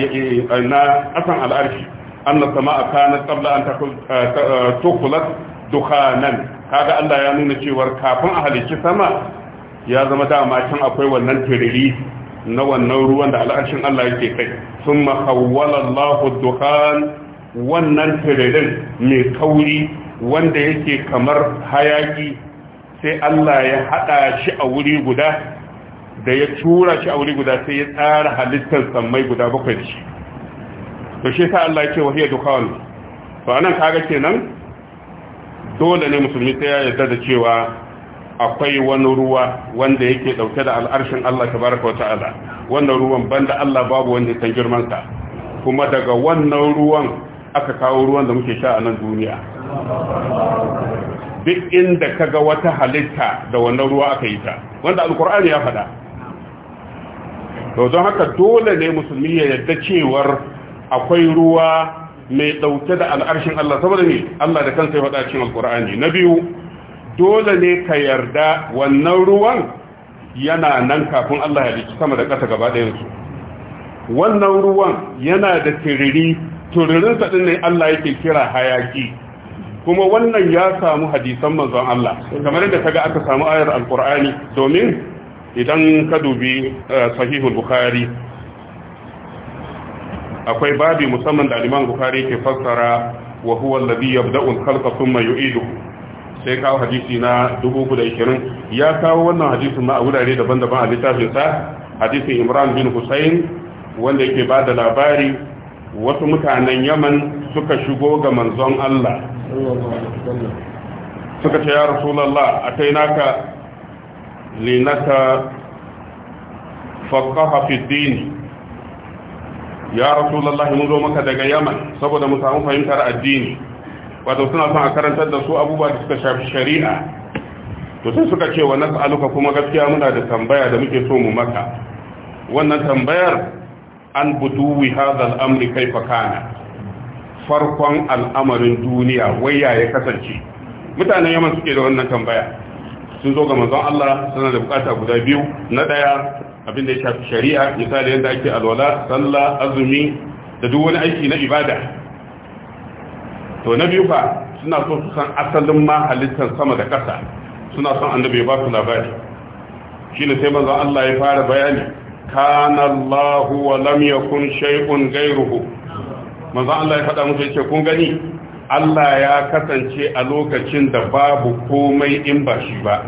na asan al'arshi an sama a kanar tsabla an tukulat dukanan kaga Allah ya nuna cewar kafin a halicci sama ya zama dama can akwai wannan tururi na wannan ruwan da al'arshin Allah yake kai sun mahawwala Allahu dukan wannan tururin mai kauri wanda yake kamar hayaki sai Allah ya haɗa shi a wuri guda da ya tura shi a wuri guda sai ya tsara halittar sammai guda bakwai da shi to shi sa Allah ya ce wahiyar dukawan to anan kaga kenan dole ne musulmi sai ya yarda da cewa akwai wani ruwa wanda yake dauke da al'arshin Allah tabaraka wa wannan ruwan banda Allah babu wanda ya san girman kuma daga wannan ruwan aka kawo ruwan da muke sha a nan duniya duk inda kaga wata halitta da wannan ruwa aka yi ta wanda alkur'ani ya fada to don haka dole ne musulmi ya yadda cewar akwai ruwa mai ɗauke da al'arshin Allah saboda ne Allah da kansa ya fada cikin alkur'ani na biyu dole ne ka yarda wannan ruwan yana nan kafin Allah ya riki sama da ƙasa gaba ɗayansu wannan ruwan yana da tiriri turirinsa ɗin ne Allah yake kira hayaki kuma wannan ya samu hadisan manzon Allah kamar yadda kaga aka samu ayar alqur'ani domin idan ka dubi eh, sahihul bukhari akwai babi musamman da Imam Bukhari ke fassara wa huwa alladhi yabda'u al-khalqa thumma yu'idu sai kawo hadisi na 320 ya kawo wannan hadisin ma a wurare daban-daban a littafin sa hadisin Imran bin Husayn wanda yake bada labari wasu mutanen Yaman suka shigo ga manzon Allah suka ce ya rasulallah a naka linaka faƙaha fi dini ya rasulallah mun zo maka daga yaman saboda mu samu fahimtar addini wato suna son a karantar da su abubuwa da suka shafi shari'a to sai suka ce wa nas'aluka kuma gaskiya muna da tambaya da muke so mu maka wannan tambayar an buduwi hadha al-amri kaifa kana farkon al'amarin duniya wai ya kasance mutanen yaman suke da wannan tambaya sun zo ga manzon Allah suna da bukata guda biyu na daya abin da ya shafi shari'a misali yadda ake alwala sallah azumi da duk wani aiki na ibada to na biyu fa suna so su san asalin ma halittar sama da kasa suna son annabi ya ba su labari shine sai manzon Allah ya fara bayani kana Allahu wa lam yakun shay'un ghayruhu manzo Allah ya faɗa musu yake kun gani Allah ya kasance a lokacin da babu komai in ba shi ba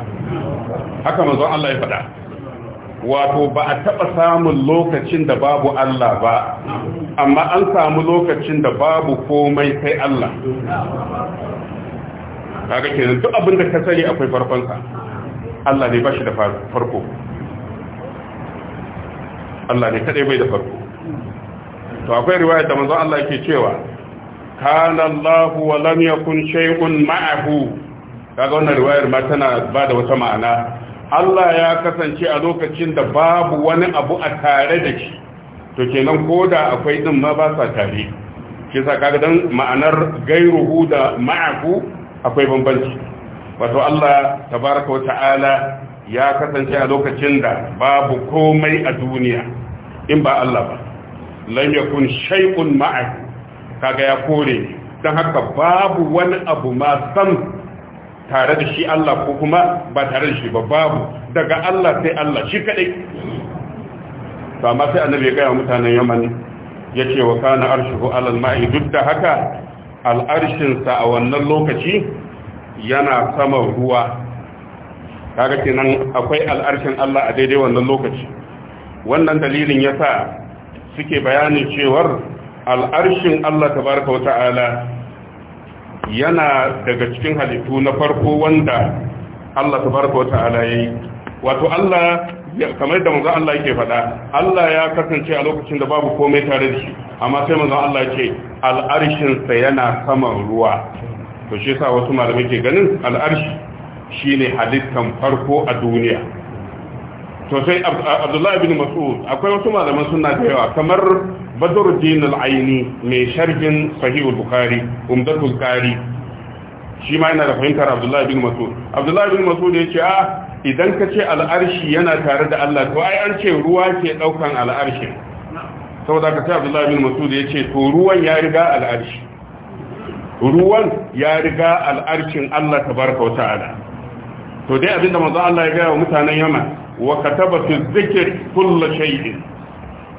haka manzo Allah ya faɗa wato ba a taɓa samun lokacin da babu Allah ba amma an samu lokacin da babu komai sai Allah kaga kenan duk abin da ka sani akwai farkonsa Allah ne ba shi da farko Allah ne kadai bai da farko to akwai riwaya da manzo Allah yake cewa kana Allah wa lam yakun shay'un ma'ahu kaga wannan riwayar ma tana ba da wata ma'ana Allah ya kasance a lokacin da babu wani abu a tare da shi to kenan koda akwai din ma ba sa tare shi sa kaga dan ma'anar gairuhu da ma'ahu akwai bambanci wato Allah tabaraka wa ta'ala ya kasance a lokacin da babu komai a duniya in ba Allah ba lam yakun shay'un kaga ya kore dan haka babu wani abu ma san tare da shi Allah ko kuma ba tare da shi ba babu daga Allah sai Allah shi kadai to amma sai annabi ya gaya mutanen Yaman yace wa kana arshuhu alal ma'i duk da haka al'arshin sa a wannan lokaci yana sama ruwa kaga kenan akwai al'arshin Allah a daidai wannan lokaci wannan dalilin yasa suke bayanin cewar al'arshin Allah tabaraka wata'ala yana daga cikin halittu na farko wanda Allah tabaraka wata'ala yi. wato Allah kamar da maza Allah yake faɗa Allah ya kasance a lokacin da babu komai tare da shi amma sai manzo Allah ce Al'arshinsa yana saman ruwa to shi sa wasu malamai ke ganin al'arshi shine halittan farko a duniya to sai abdullahi bin mas'ud akwai wasu malaman suna da yawa kamar badruddin al-aini mai sharhin sahih bukhari umdatul qari shi ma yana da fahimtar abdullahi bin mas'ud abdullahi bin mas'ud yace a ah, idan ka ce al'arshi yana tare da Allah to ai an ce ruwa ke daukan al'arshi saboda ka ce abdullahi bin mas'ud yace to ruwan ya riga al'arshi ruwan ya riga al'arshin Allah tabaraka wa ta'ala to dai abinda manzo Allah ya ga wa mutanen Yaman wa kataba fi dhikr kull shay'in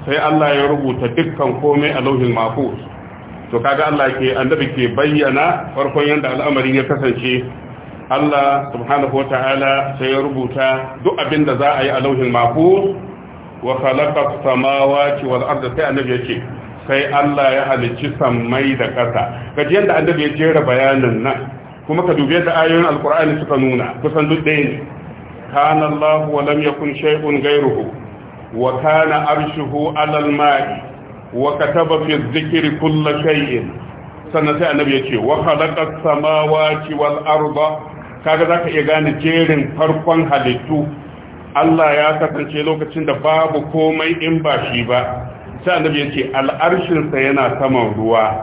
sai Allah ya rubuta dukkan komai a lauhin mahfuz to kaga Allah ke annabi ke bayyana farkon yanda al'amarin ya kasance Allah subhanahu wata'ala sai ya rubuta duk abin da za a yi a lauhin mahfuz wa khalaqa samawati wal arda sai annabi ya ce sai Allah ya halicci sammai da ƙasa kaji yadda annabi ya jera bayanin nan kuma ka dubi yadda ayoyin alkur'ani suka nuna kusan duk ɗaya ne kana Allah wa lam yakun shay'un ghayruhu wa kana arshuhu 'ala al-ma'i wa kataba fi sannan sai annabi yace wa khalaqa samawati wal arda kaga zaka iya gane jerin farkon halittu Allah ya kasance lokacin da babu komai in ba shi ba sai annabi yace al-arshin sa yana saman ruwa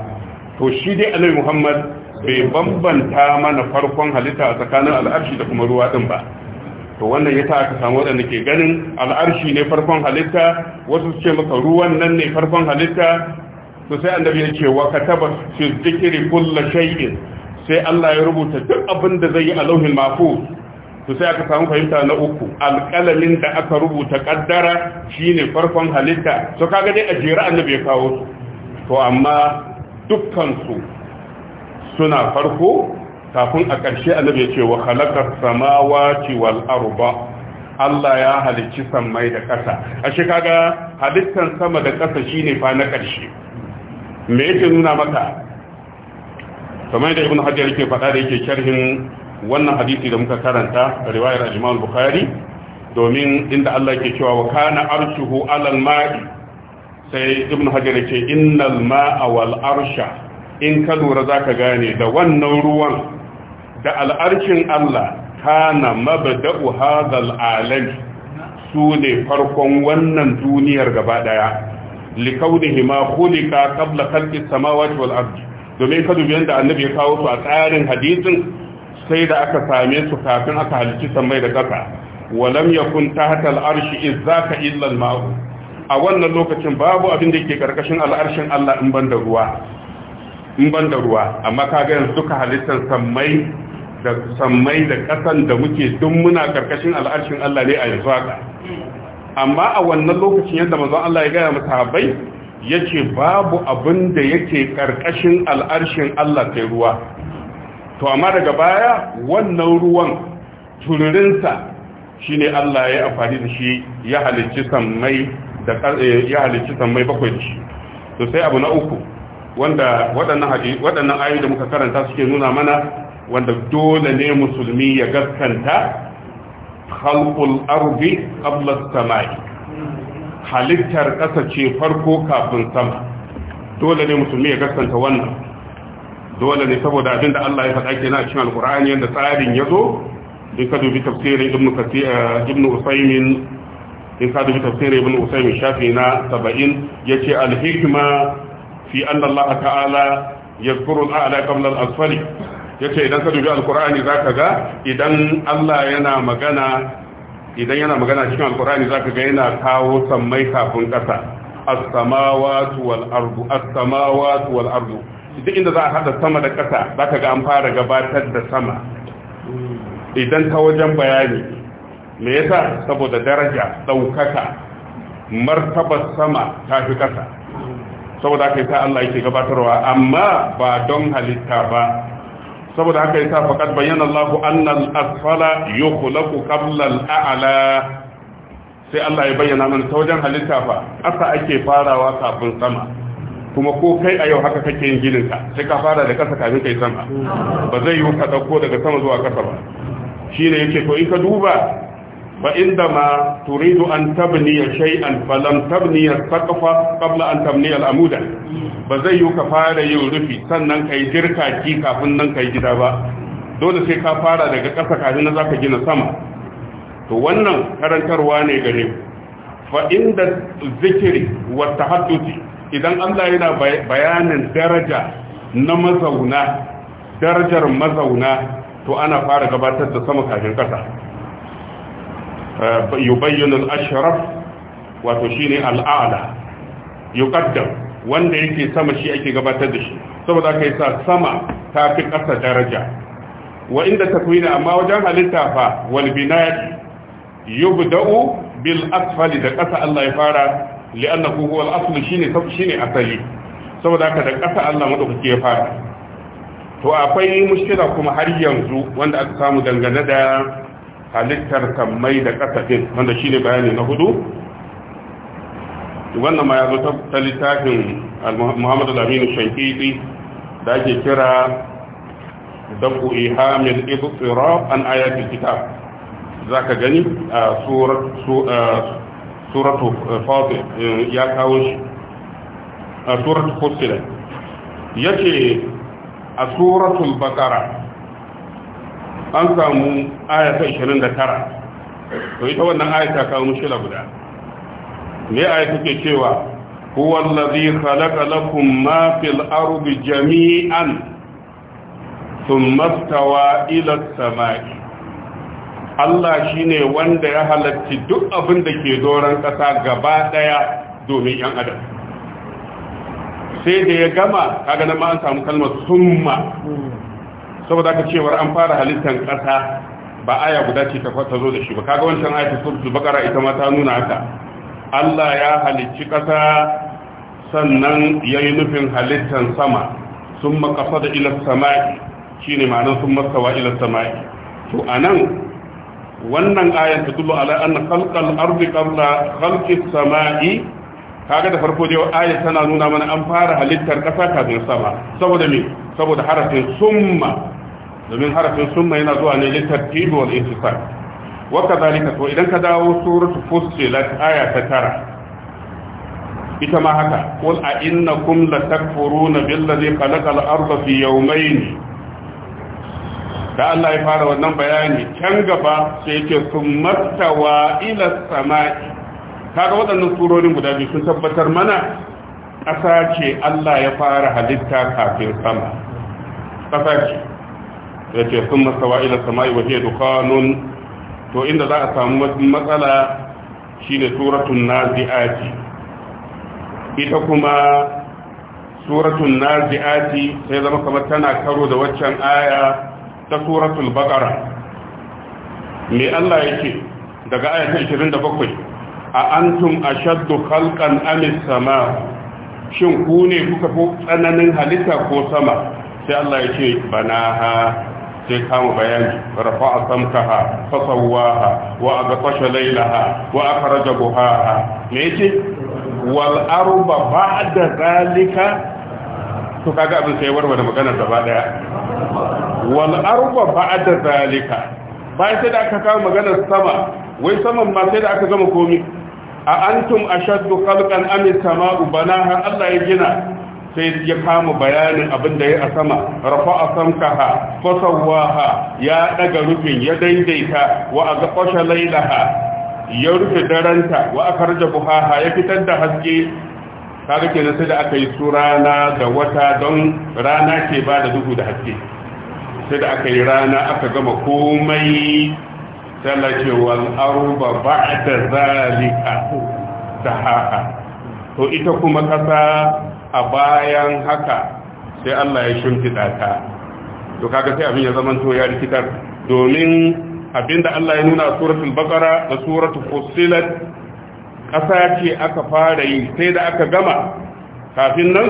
to shi dai annabi Muhammad bai bambanta mana farkon halitta a tsakanin al'arshi da kuma ruwa din ba to wannan yasa aka samu waɗanda ke ganin al'arshi ne farkon halitta wasu su ce maka ruwan nan ne farkon halitta to sai annabi ya ce wa taba fi dhikri kullu shay'in sai Allah ya rubuta duk abin da zai yi a lauhin mahfuz to sai aka samu fahimta na uku alƙalamin da aka rubuta kaddara shine farkon halitta to kaga dai a jira annabi ya kawo su to amma dukkan su suna farko kafin a ƙarshe annabi ya ce wa khalaqa samawati wal arda Allah ya halicci sammai da ƙasa ashe kaga halittan sama da ƙasa shine fa na ƙarshe me yake nuna maka kamar da ibnu hajar yake faɗa da yake sharhin wannan hadisi da muka karanta riwayar al-Imam Bukhari domin inda Allah yake cewa wa kana arshuhu alal ma'i sai ibnu hajar yake innal ma'a wal arsha in ka lura za ka gane da wannan ruwan da al'arshin Allah kana mabda'u hadhal alam su ne farkon wannan duniyar gaba ɗaya likaunihi hima khuliqa qabla khalqis samawati wal ardi domin ka dubi yanda annabi ya kawo su a tsarin hadisin sai da aka same su kafin aka halicci samai da ƙasa walam yakun ta al-arshi za ka illal mau a wannan lokacin babu abin da yake karkashin al'arshin Allah in banda ruwa in banda ruwa amma kaga yanzu duka halittar samai da sammai da ƙasan da muke duk muna ƙarƙashin al'arshin Allah ne a yanzu haka amma a wannan lokacin yadda manzon Allah ya gaya ya yace babu abin da yake ƙarƙashin al'arshin Allah sai ruwa to amma daga baya wannan ruwan tururinsa shine Allah ya amfani da shi ya halicci sammai da eh, ya halicci sammai bakwai da shi to sai abu na uku wanda waɗannan waɗannan ayoyi da muka karanta suke nuna mana wanda dole ne musulmi ya gaskanta khalqul ardi qabla samai halittar ƙasa ce farko kafin sama dole ne musulmi ya gaskanta wannan dole ne saboda abinda Allah ya faɗa kenan a cikin qurani yadda tsarin ya zo in ka dubi tafsirin ibn kasir eh, ibn usaymin in ka dubi tafsirin ibn usaymin shafi na 70 yace al hikma fi anna Allah ta'ala yadhkuru al a'la qabla al asfali yace idan ka dubi alqur'ani zaka ga idan Allah yana magana idan yana magana cikin alqur'ani zaka ga yana kawo sammai kafin kasa as-samawati wal ardu as-samawati wal ardu duk inda za a hada sama da kasa zaka ga an fara gabatar da sama idan ta wajen bayani me yasa saboda daraja daukaka martabar sama ta fi kasa saboda aka yi sa Allah yake gabatarwa amma ba don halitta ba saboda haka yasa faqad bayyana Allahu annal asfala yukhlaqu qabla al-a'la sai Allah ya bayyana mana ta wajen halitta fa Asa ake farawa kafin sama kuma ko kai a yau haka kake yin ginin ka sai ka fara da kasa kafin kai sama ba zai yi ka dauko daga sama zuwa kasa ba shine yake ko in ka duba fa inda ma turidu an tabniya shay'an falam tabniya saqfa qabla an tabniya al-amuda ba zai yi ka fara yin rufi sannan kai jirka ki kafin nan kai gida ba dole sai ka fara daga ƙasa kafin nan zaka gina sama to wannan karantarwa ne gare mu fa inda zikiri wa tahadduthi idan Allah yana bayanin daraja na mazauna darajar mazauna to ana fara gabatar da sama kafin ƙasa yubayyin al'ashraf wato shi ne al'ala yuqaddam wanda yake sama shi ake gabatar da shi saboda aka yi sa sama ta fi ƙasa daraja wa inda takwina amma wajen halitta fa wal bina'i yubda'u bil asfali da ƙasa Allah ya fara li'annahu huwa al-aslu shine shine asali saboda haka da ƙasa Allah madaukake ya fara to akwai mushkila kuma har yanzu wanda aka samu dangane da halittar sammai da ƙasa wanda shi ne bayani na hudu wannan ma ya zo ta littafin muhammadu lamini shankiti da ake kira dabu ihamin ibtsira an ayatul kitab za ka gani a suratu fatir eh, ya kawo shi a suratu fusilat ya ce a suratun bakara an samu ayata 29 to ita wannan ayata kawo mushila guda me ayata ke cewa huwa allazi khalaqa lakum ma fil ardi jami'an thumma stawa ila as-sama'i Allah shine wanda ya halatti duk abin da ke doron kasa gaba ɗaya domin ‘yan adam sai da ya gama kaga na ma an samu kalmar summa saboda aka cewar an fara halittar ƙasa ba aya guda ce ta zo da shi ba kaga wancan ayatu suratul baqara ita ma ta nuna haka Allah ya halicci ƙasa sannan ya yi nufin halittar sama sun summa da ila samai shine ma'anar summa sawa ila samai to anan wannan ayar ta dubu ala an khalqal ardi qabla khalqis samai kaga da farko dai 'aya tana nuna mana an fara halittar ƙasa kafin sama saboda me saboda harafin summa domin harafin summa yana zuwa ne litartibi wal intisar wa kadalika to idan ka dawo suratul fussilat aya ta tara ita ma haka qul a innakum latakfuruna billazi khalaqal arda fi yawmayn da Allah ya fara wannan bayani can gaba sai yake summastawa ila samai kaga waɗannan surorin guda biyu sun tabbatar mana ƙasa ce Allah ya fara halitta kafin sama ƙasa ce ya ce sun masawa ila sama'i wa hiya dukhanun to inda za a samu matsala shine suratul nazi'ati ita kuma suratul nazi'ati sai zama kamar tana karo da waccan aya ta suratul baqara me Allah yake daga aya ta 27 a antum ashaddu khalqan am as-samaa shin ku ne kuka fi tsananin halitta ko sama sai Allah yake banaha sai kama bayani rafa'a samkaha fa sawwaha wa aghtasha laylaha wa akhraja buhaha me yake wal arba da zalika to kaga abin sai warware maganar gaba daya wal arba da zalika bayan sai da aka kama maganar sama wai saman ma sai da aka gama komi a antum ashaddu khalqan am as-sama'u banaha Allah ya gina sai ya kama bayanin abin da ya a sama rafa a samkaha fasawaha ya daga rufin ya daidaita wa a gafashe lailaha ya rufe daranta wa aka buhaha ya fitar da haske kaga kenan sai da aka yi su rana da wata don rana ke ba da duhu da haske sai da aka yi rana aka gama komai talace wal arba ba'da zalika sahaha to ita kuma kasa a bayan haka sai Allah ya shimfiɗa ta to kaga sai abin ya zama to ya rikitar domin abinda Allah ya nuna a suratul baqara da suratul fussilat ƙasa ce aka fara yi sai da aka gama kafin nan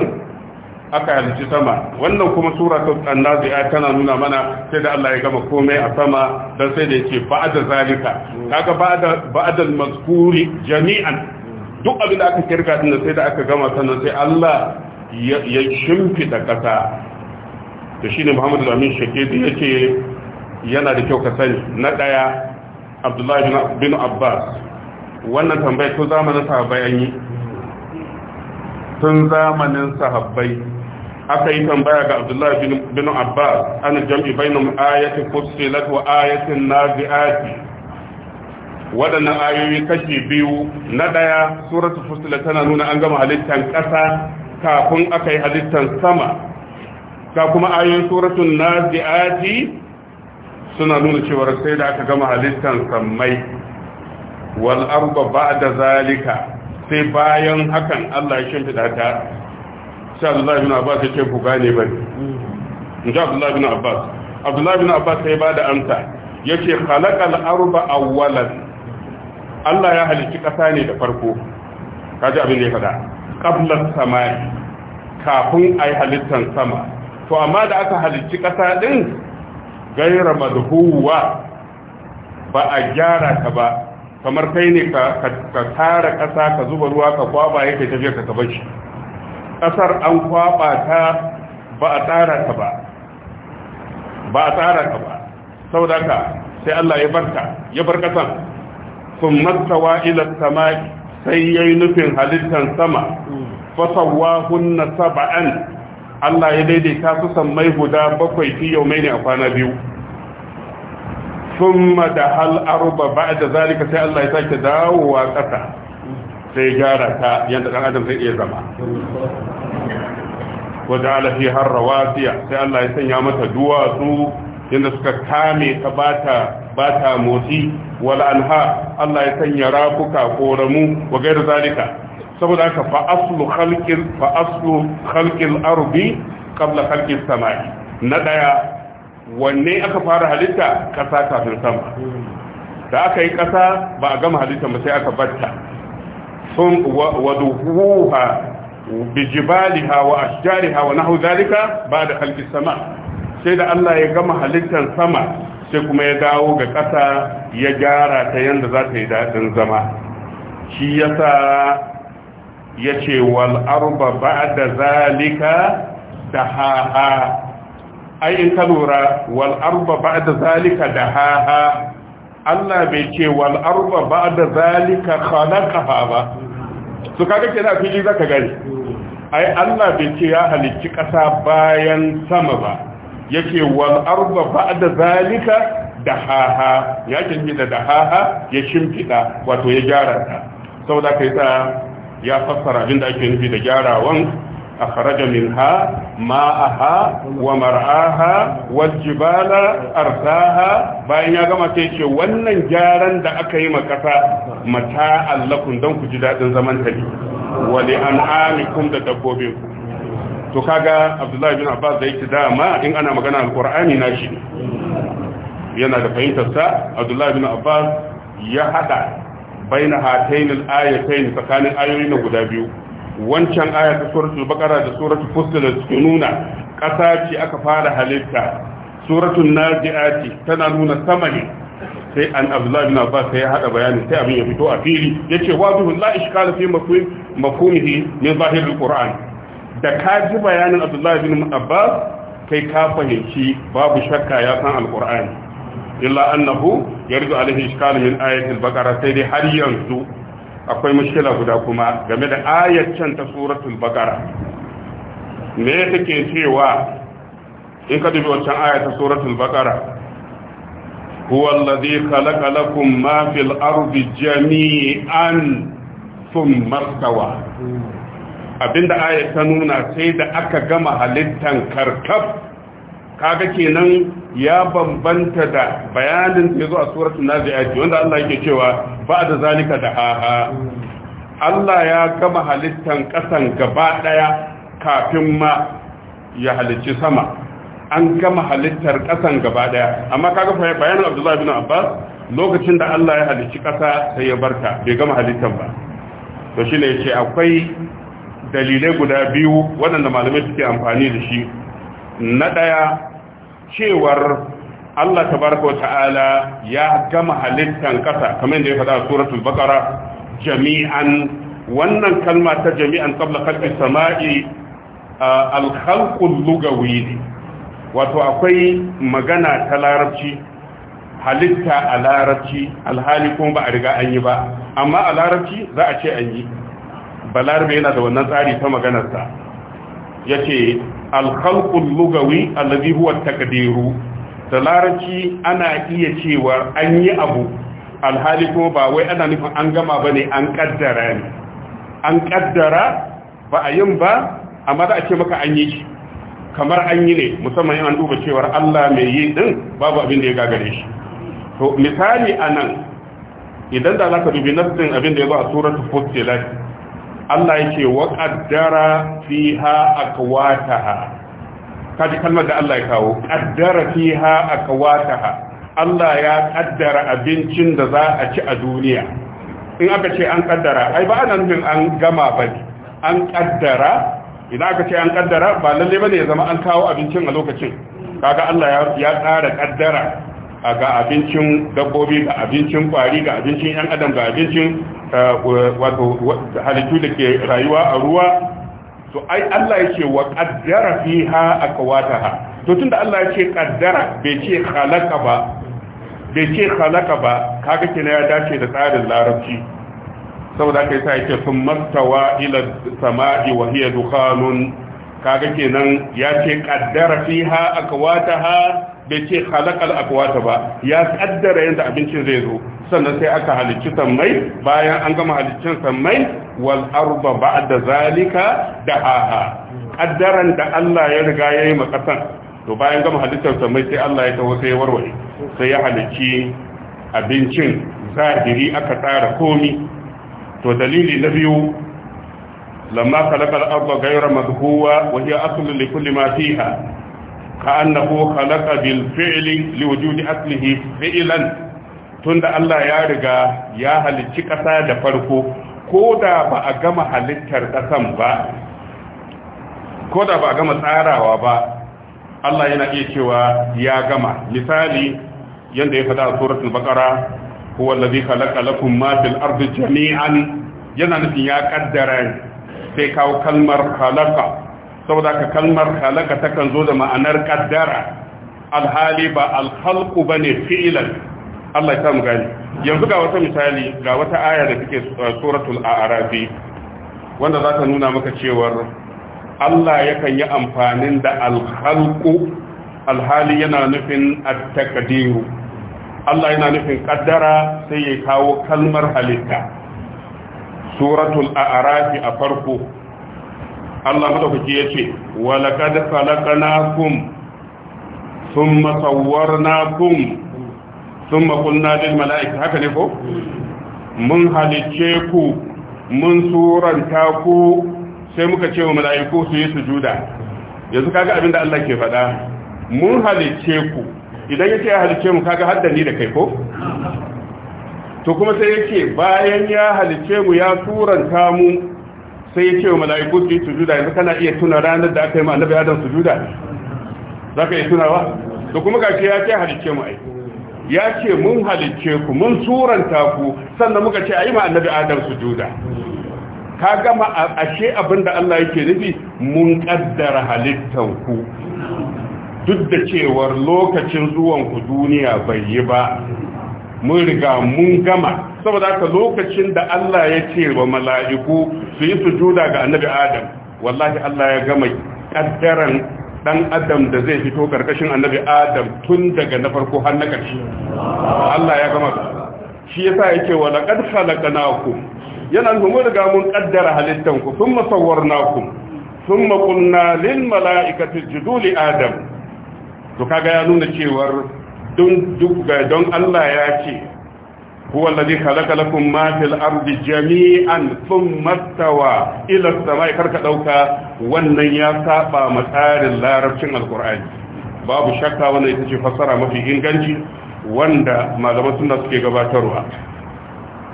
aka halici sama wannan kuma suratul annazi'a tana nuna mana sai da Allah ya gama komai a sama dan sai da yake ba'da zalika kaga ba'da ba'da al-mazkuri jami'an duk abin da aka kirka din sai da aka gama sannan sai Allah ya shimfida kasa to shine muhammadu al-Amin ya yake yana da kyau ka sani na daya Abdullahi bin Abbas wannan tambayar tun zamanin sahabbai an yi tun zamanin sahabbai aka yi tambaya ga Abdullahi bin Abbas an jam'i bainum ayatin fussilat wa ayatin nazi'ati waɗannan ayoyi kashi biyu na ɗaya suratul fusila tana nuna an gama halittan ƙasa kafin aka yi halittan sama ka kuma ayoyin suratul nazi'ati suna nuna cewa sai da aka gama halittan sammai wal arba ba'da zalika sai bayan hakan Allah ya shimfida ta sai Abdullah ibn Abbas yake ku gane ba in ji Abdullah ibn Abbas Abdullah ibn Abbas sai ba da amsa yake khalaqal arba awwalan Allah ya halicci ƙasa ne da farko kaji abin da ya faɗa ƙablar samari kafin a yi halittar sama to amma da aka halicci ƙasa ɗin gaira mazuhuwa ba a gyara ka ba kamar kai ne ka tara ƙasa ka zuba ruwa ka kwaba yake tafiya ka kaba shi ƙasar an kwaba ta ba a tsara ka ba ba a tsara ka ba Sau ka sai Allah ya barka ya bar ƙasan sun mastawa ila sama sai ya yi nufin halittar sama fasawa hunna saba'an Allah ya daidaita su sammai guda bakwai fi yau mai ne a kwana biyu sun da hal arba ba da zalika sai Allah ya sake dawowa ƙasa sai gyara ta yadda ɗan adam zai iya zama wadda alafi har rawasiya sai Allah ya sanya mata duwatsu yadda suka kame ta ba ta ba ta motsi wal anha Allah ya sanya rafuka koramu wa gairu zalika saboda haka fa aslu khalqil fa aslu khalqil ardi qabla khalqis samai na daya wanne aka fara halitta kasa kafin sama da aka yi kasa ba a gama halitta ba sai aka batta sun waduhuha bijibaliha wa ashjariha wa nahu zalika ba da khalqis sama sai da Allah ya gama halittar sama sai kuma ya dawo ga ƙasa ya gyara ta yadda za ta yi daɗin zama shi ya sa ya ce wal'arba ba da zalika da ha'a ai in ka lura wal'arba ba da zalika da ha'a Allah bai ce wal'arba ba da zalika khalaqaha ba su kaga kenan fili zaka gani ai Allah bai ce ya halicci ƙasa bayan sama ba yake wal arda ba'da zalika dahaha ya da dahaha ya shimfida wato ya gyara ta saboda kai ta ya fassara abinda ake nufi da gyarawan akhraja minha ma'aha wa mar'aha wal arsaha bayan ya gama sai ce wannan gyaran da aka yi ma ƙasa, mata allakun don ku ji daɗin zaman ta ne wa li an'amikum da dabbobinku to kaga abdullahi bin abbas da yake dama in ana magana alkur'ani na shi yana da fahimtarsa abdullahi bin abbas ya hada baina hatainil ayatain tsakanin ayoyi na guda biyu wancan aya ta suratul baqara da suratul fussilat suke nuna kasa ce aka fara halitta suratul naziati tana nuna sama ne sai an abdullahi bin abbas sai ya hada bayani sai abin ya fito a fili yace wa bihi la ishkala fi mafhumihi min zahiril qur'an da ka ji bayanin abdullahi bin abbas kai ka fahimci babu shakka ya san alkur'ani illa annahu yarzu alaihi ishkal min ayatil baqara sai dai har yanzu akwai mushkila guda kuma game da ayatan ta suratul baqara me take cewa in ka dubi wancan ayatan suratul baqara هو الذي خلق لكم ما في الأرض جميعا ثم abinda ayar ta nuna sai da aka gama halittan karkaf, kaga kenan ya bambanta da bayanin da yazo a suratul nazi'at wanda Allah yake cewa ba'da zalika da aha Allah ya gama halittan kasan gaba daya kafin ma ya halicci sama an gama halittar kasan gaba daya amma kaga bayanin Abdullah bin Abbas lokacin da Allah ya halicci kasa sai ya barka bai gama halittan ba to shine yace akwai dalilai guda biyu waɗanda malamai suke amfani da shi na ɗaya cewar Allah tabaraka wa ta'ala ya gama halittan ƙasa kamar da ya faɗa a suratul baqara jami'an wannan kalma ta jami'an qabla khalqis sama'i al-khalqul lugawi wato akwai magana ta larabci halitta a larabci alhali kuma ba a riga an yi ba amma a larabci za a ce an yi Balarbe yana da wannan tsari ta maganarsa ya ce alkhalkun lugawi allazi takadiru da laraci ana iya cewa an yi abu alhali kuma ba wai ana nufin an gama ba ne an kaddara ne an kaddara ba a yin ba amma da a ce maka an yi shi kamar an yi ne musamman an duba cewar allah mai yi din babu abin da ya gagare shi to misali anan, idan da za ka dubi nafsin abin da ya zo a suratul fussilat Allah yake wa qaddara fiha aqwataha kaji kalmar da Allah ya kawo qaddara fiha aqwataha Allah ya ƙaddara abincin da za a ci a duniya in aka ce an ƙaddara, ai ba nan nufin an gama ba an ƙaddara, idan aka ce an ƙaddara? ba lalle bane ya zama an kawo abincin a lokacin kaga Allah ya tsara ƙaddara ga abincin dabbobi ga abincin kwari ga abincin yan adam ga abincin wato halittu da ke rayuwa a ruwa to ai Allah ya ce wa qaddara fiha aqwataha to tunda Allah ya ce qaddara bai ce halaka ba bai ce khalaqa ba kaga kina ya dace da tsarin larabci saboda kai sai ce matawa ila samai wa hiya dukhanun kaga kenan ya ce qaddara fiha aqwataha bai ce halakal akwata ba ya kaddara yadda abincin zai zo sannan sai aka halicci sammai bayan an gama haliccin sammai wal arba ba da zalika dahaha kaddaran da Allah ya riga ya yi makasan to bayan gama halicci sammai sai Allah ya taho sai ya warware sai ya halicci abincin zahiri aka tsara komi to dalili na biyu lamma khalaqa al-ardha ghayra madhuwa wa hiya aslu li kulli ma fiha كأنه خلق بالفعل لوجود أصله فعلا تند الله يا رجا يا هل تكسا دفرقو كودا بأجمع هلتر قسم با كودا بأجمع سارا وبا الله ينقي شوى يا جمع مثالي يندي فدا سورة البقرة هو الذي خلق لكم ما في الأرض جميعا ينقي يا قدر sai kawo kalmar halaka saboda ka kalmar halaka takan zo da ma'anar kaddara alhali ba alhalku ba ne fi'ilan Allah ya samu gani yanzu ga wata misali ga wata aya da take uh, suratul a'rafi wanda za ta nuna maka cewar Allah yakan yi amfanin da alhalku alhali yana nufin at Allah yana nufin kaddara sai ya kawo kalmar halitta suratul a'rafi a farko Allah ta madaukaki yace wa laqad khalaqnakum thumma sawwarnakum thumma qulna lil mala'ikati haka ne ko mun halice ku mun suranta ku sai muka ce wa mala'iku su yi sujuda yanzu kaga abin da Allah ke faɗa mun halice ku idan yake ya halice mu kaga haddani da kai ko to kuma sai yake bayan ya halice mu ya suranta mu sai ya ce wa mala'iku su yi sujuda yanzu kana iya tuna ranar da aka yi ma annabi adam sujuda za ka iya tunawa da kuma gashi ya ce halicce mu aiki ya ce mun halicce ku mun suranta ku sannan muka ce a yi ma annabi adam sujuda ka gama ashe abin da Allah yake nufi mun kaddara halittan ku duk da cewar lokacin zuwan ku duniya bai yi ba mun riga mun gama saboda haka lokacin da Allah ya ce wa mala'iku su yi sujuda ga annabi Adam wallahi Allah ya gama kaddaran dan Adam da zai fito karkashin annabi Adam tun daga na farko har na ƙarshe Allah ya gama shi yasa yake wa laqad khalaqnakum yana mun riga mun kaddara halittanku thumma sawwarnakum thumma qulna lil mala'ikati isjudu li adam to kaga ya nuna cewar don Allah ya ce huwa allazi khalaqa lakum ma fil ardi jami'an thumma matawa ila samai karka dauka wannan ya saba ma tsarin larabcin alqur'ani babu shakka wannan ita ce fasara mafi inganci wanda malaman sunna suke gabatarwa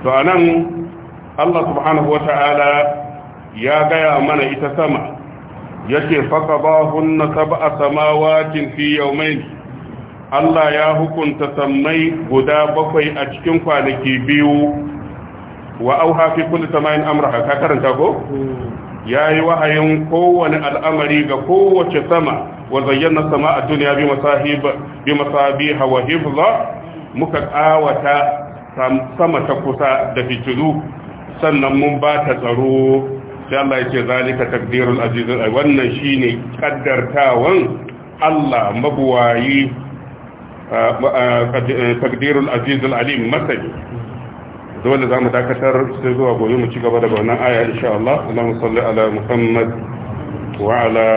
to anan Allah subhanahu wata'ala ya gaya mana ita sama yake faqabahunna sab'a samawatin fi yawmayn Allah ya hukunta sammai guda bakwai a cikin kwanaki biyu wa auha fi kulli samayin amraha ka karanta ko yayi wahayin kowane al'amari ga kowace sama wa zayyana sama a duniya bi masahib bi masabiha wa hifza muka kawata sama ta kusa da fitilu sannan mun ba ta tsaro sai Allah yake zalika takdirul aziz wannan shine kaddartawan Allah mabuwayi takdirul azizul alim masani dole za mu dakatar sai zuwa gobe mu ci gaba daga wannan aya insha Allah Allahumma salli ala Muhammad wa ala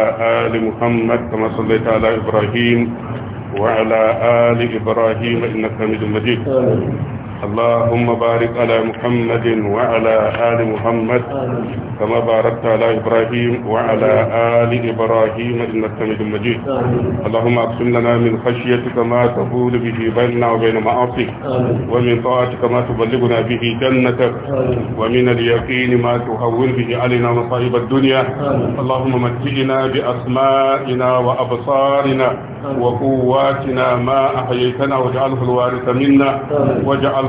ali Muhammad kama sallaita ala Ibrahim wa ala ali Ibrahim innaka Hamidum Majid اللهم بارك على محمد وعلى آل محمد كما باركت على إبراهيم وعلى آل إبراهيم إنك حميد مجيد اللهم أقسم لنا من خشيتك ما تقول به بيننا وبين معاصيك ومن طاعتك ما تبلغنا به جنتك ومن اليقين ما تهون به علينا مصائب الدنيا اللهم متعنا بأسمائنا وأبصارنا وقواتنا ما أحييتنا واجعله الوارث منا واجعل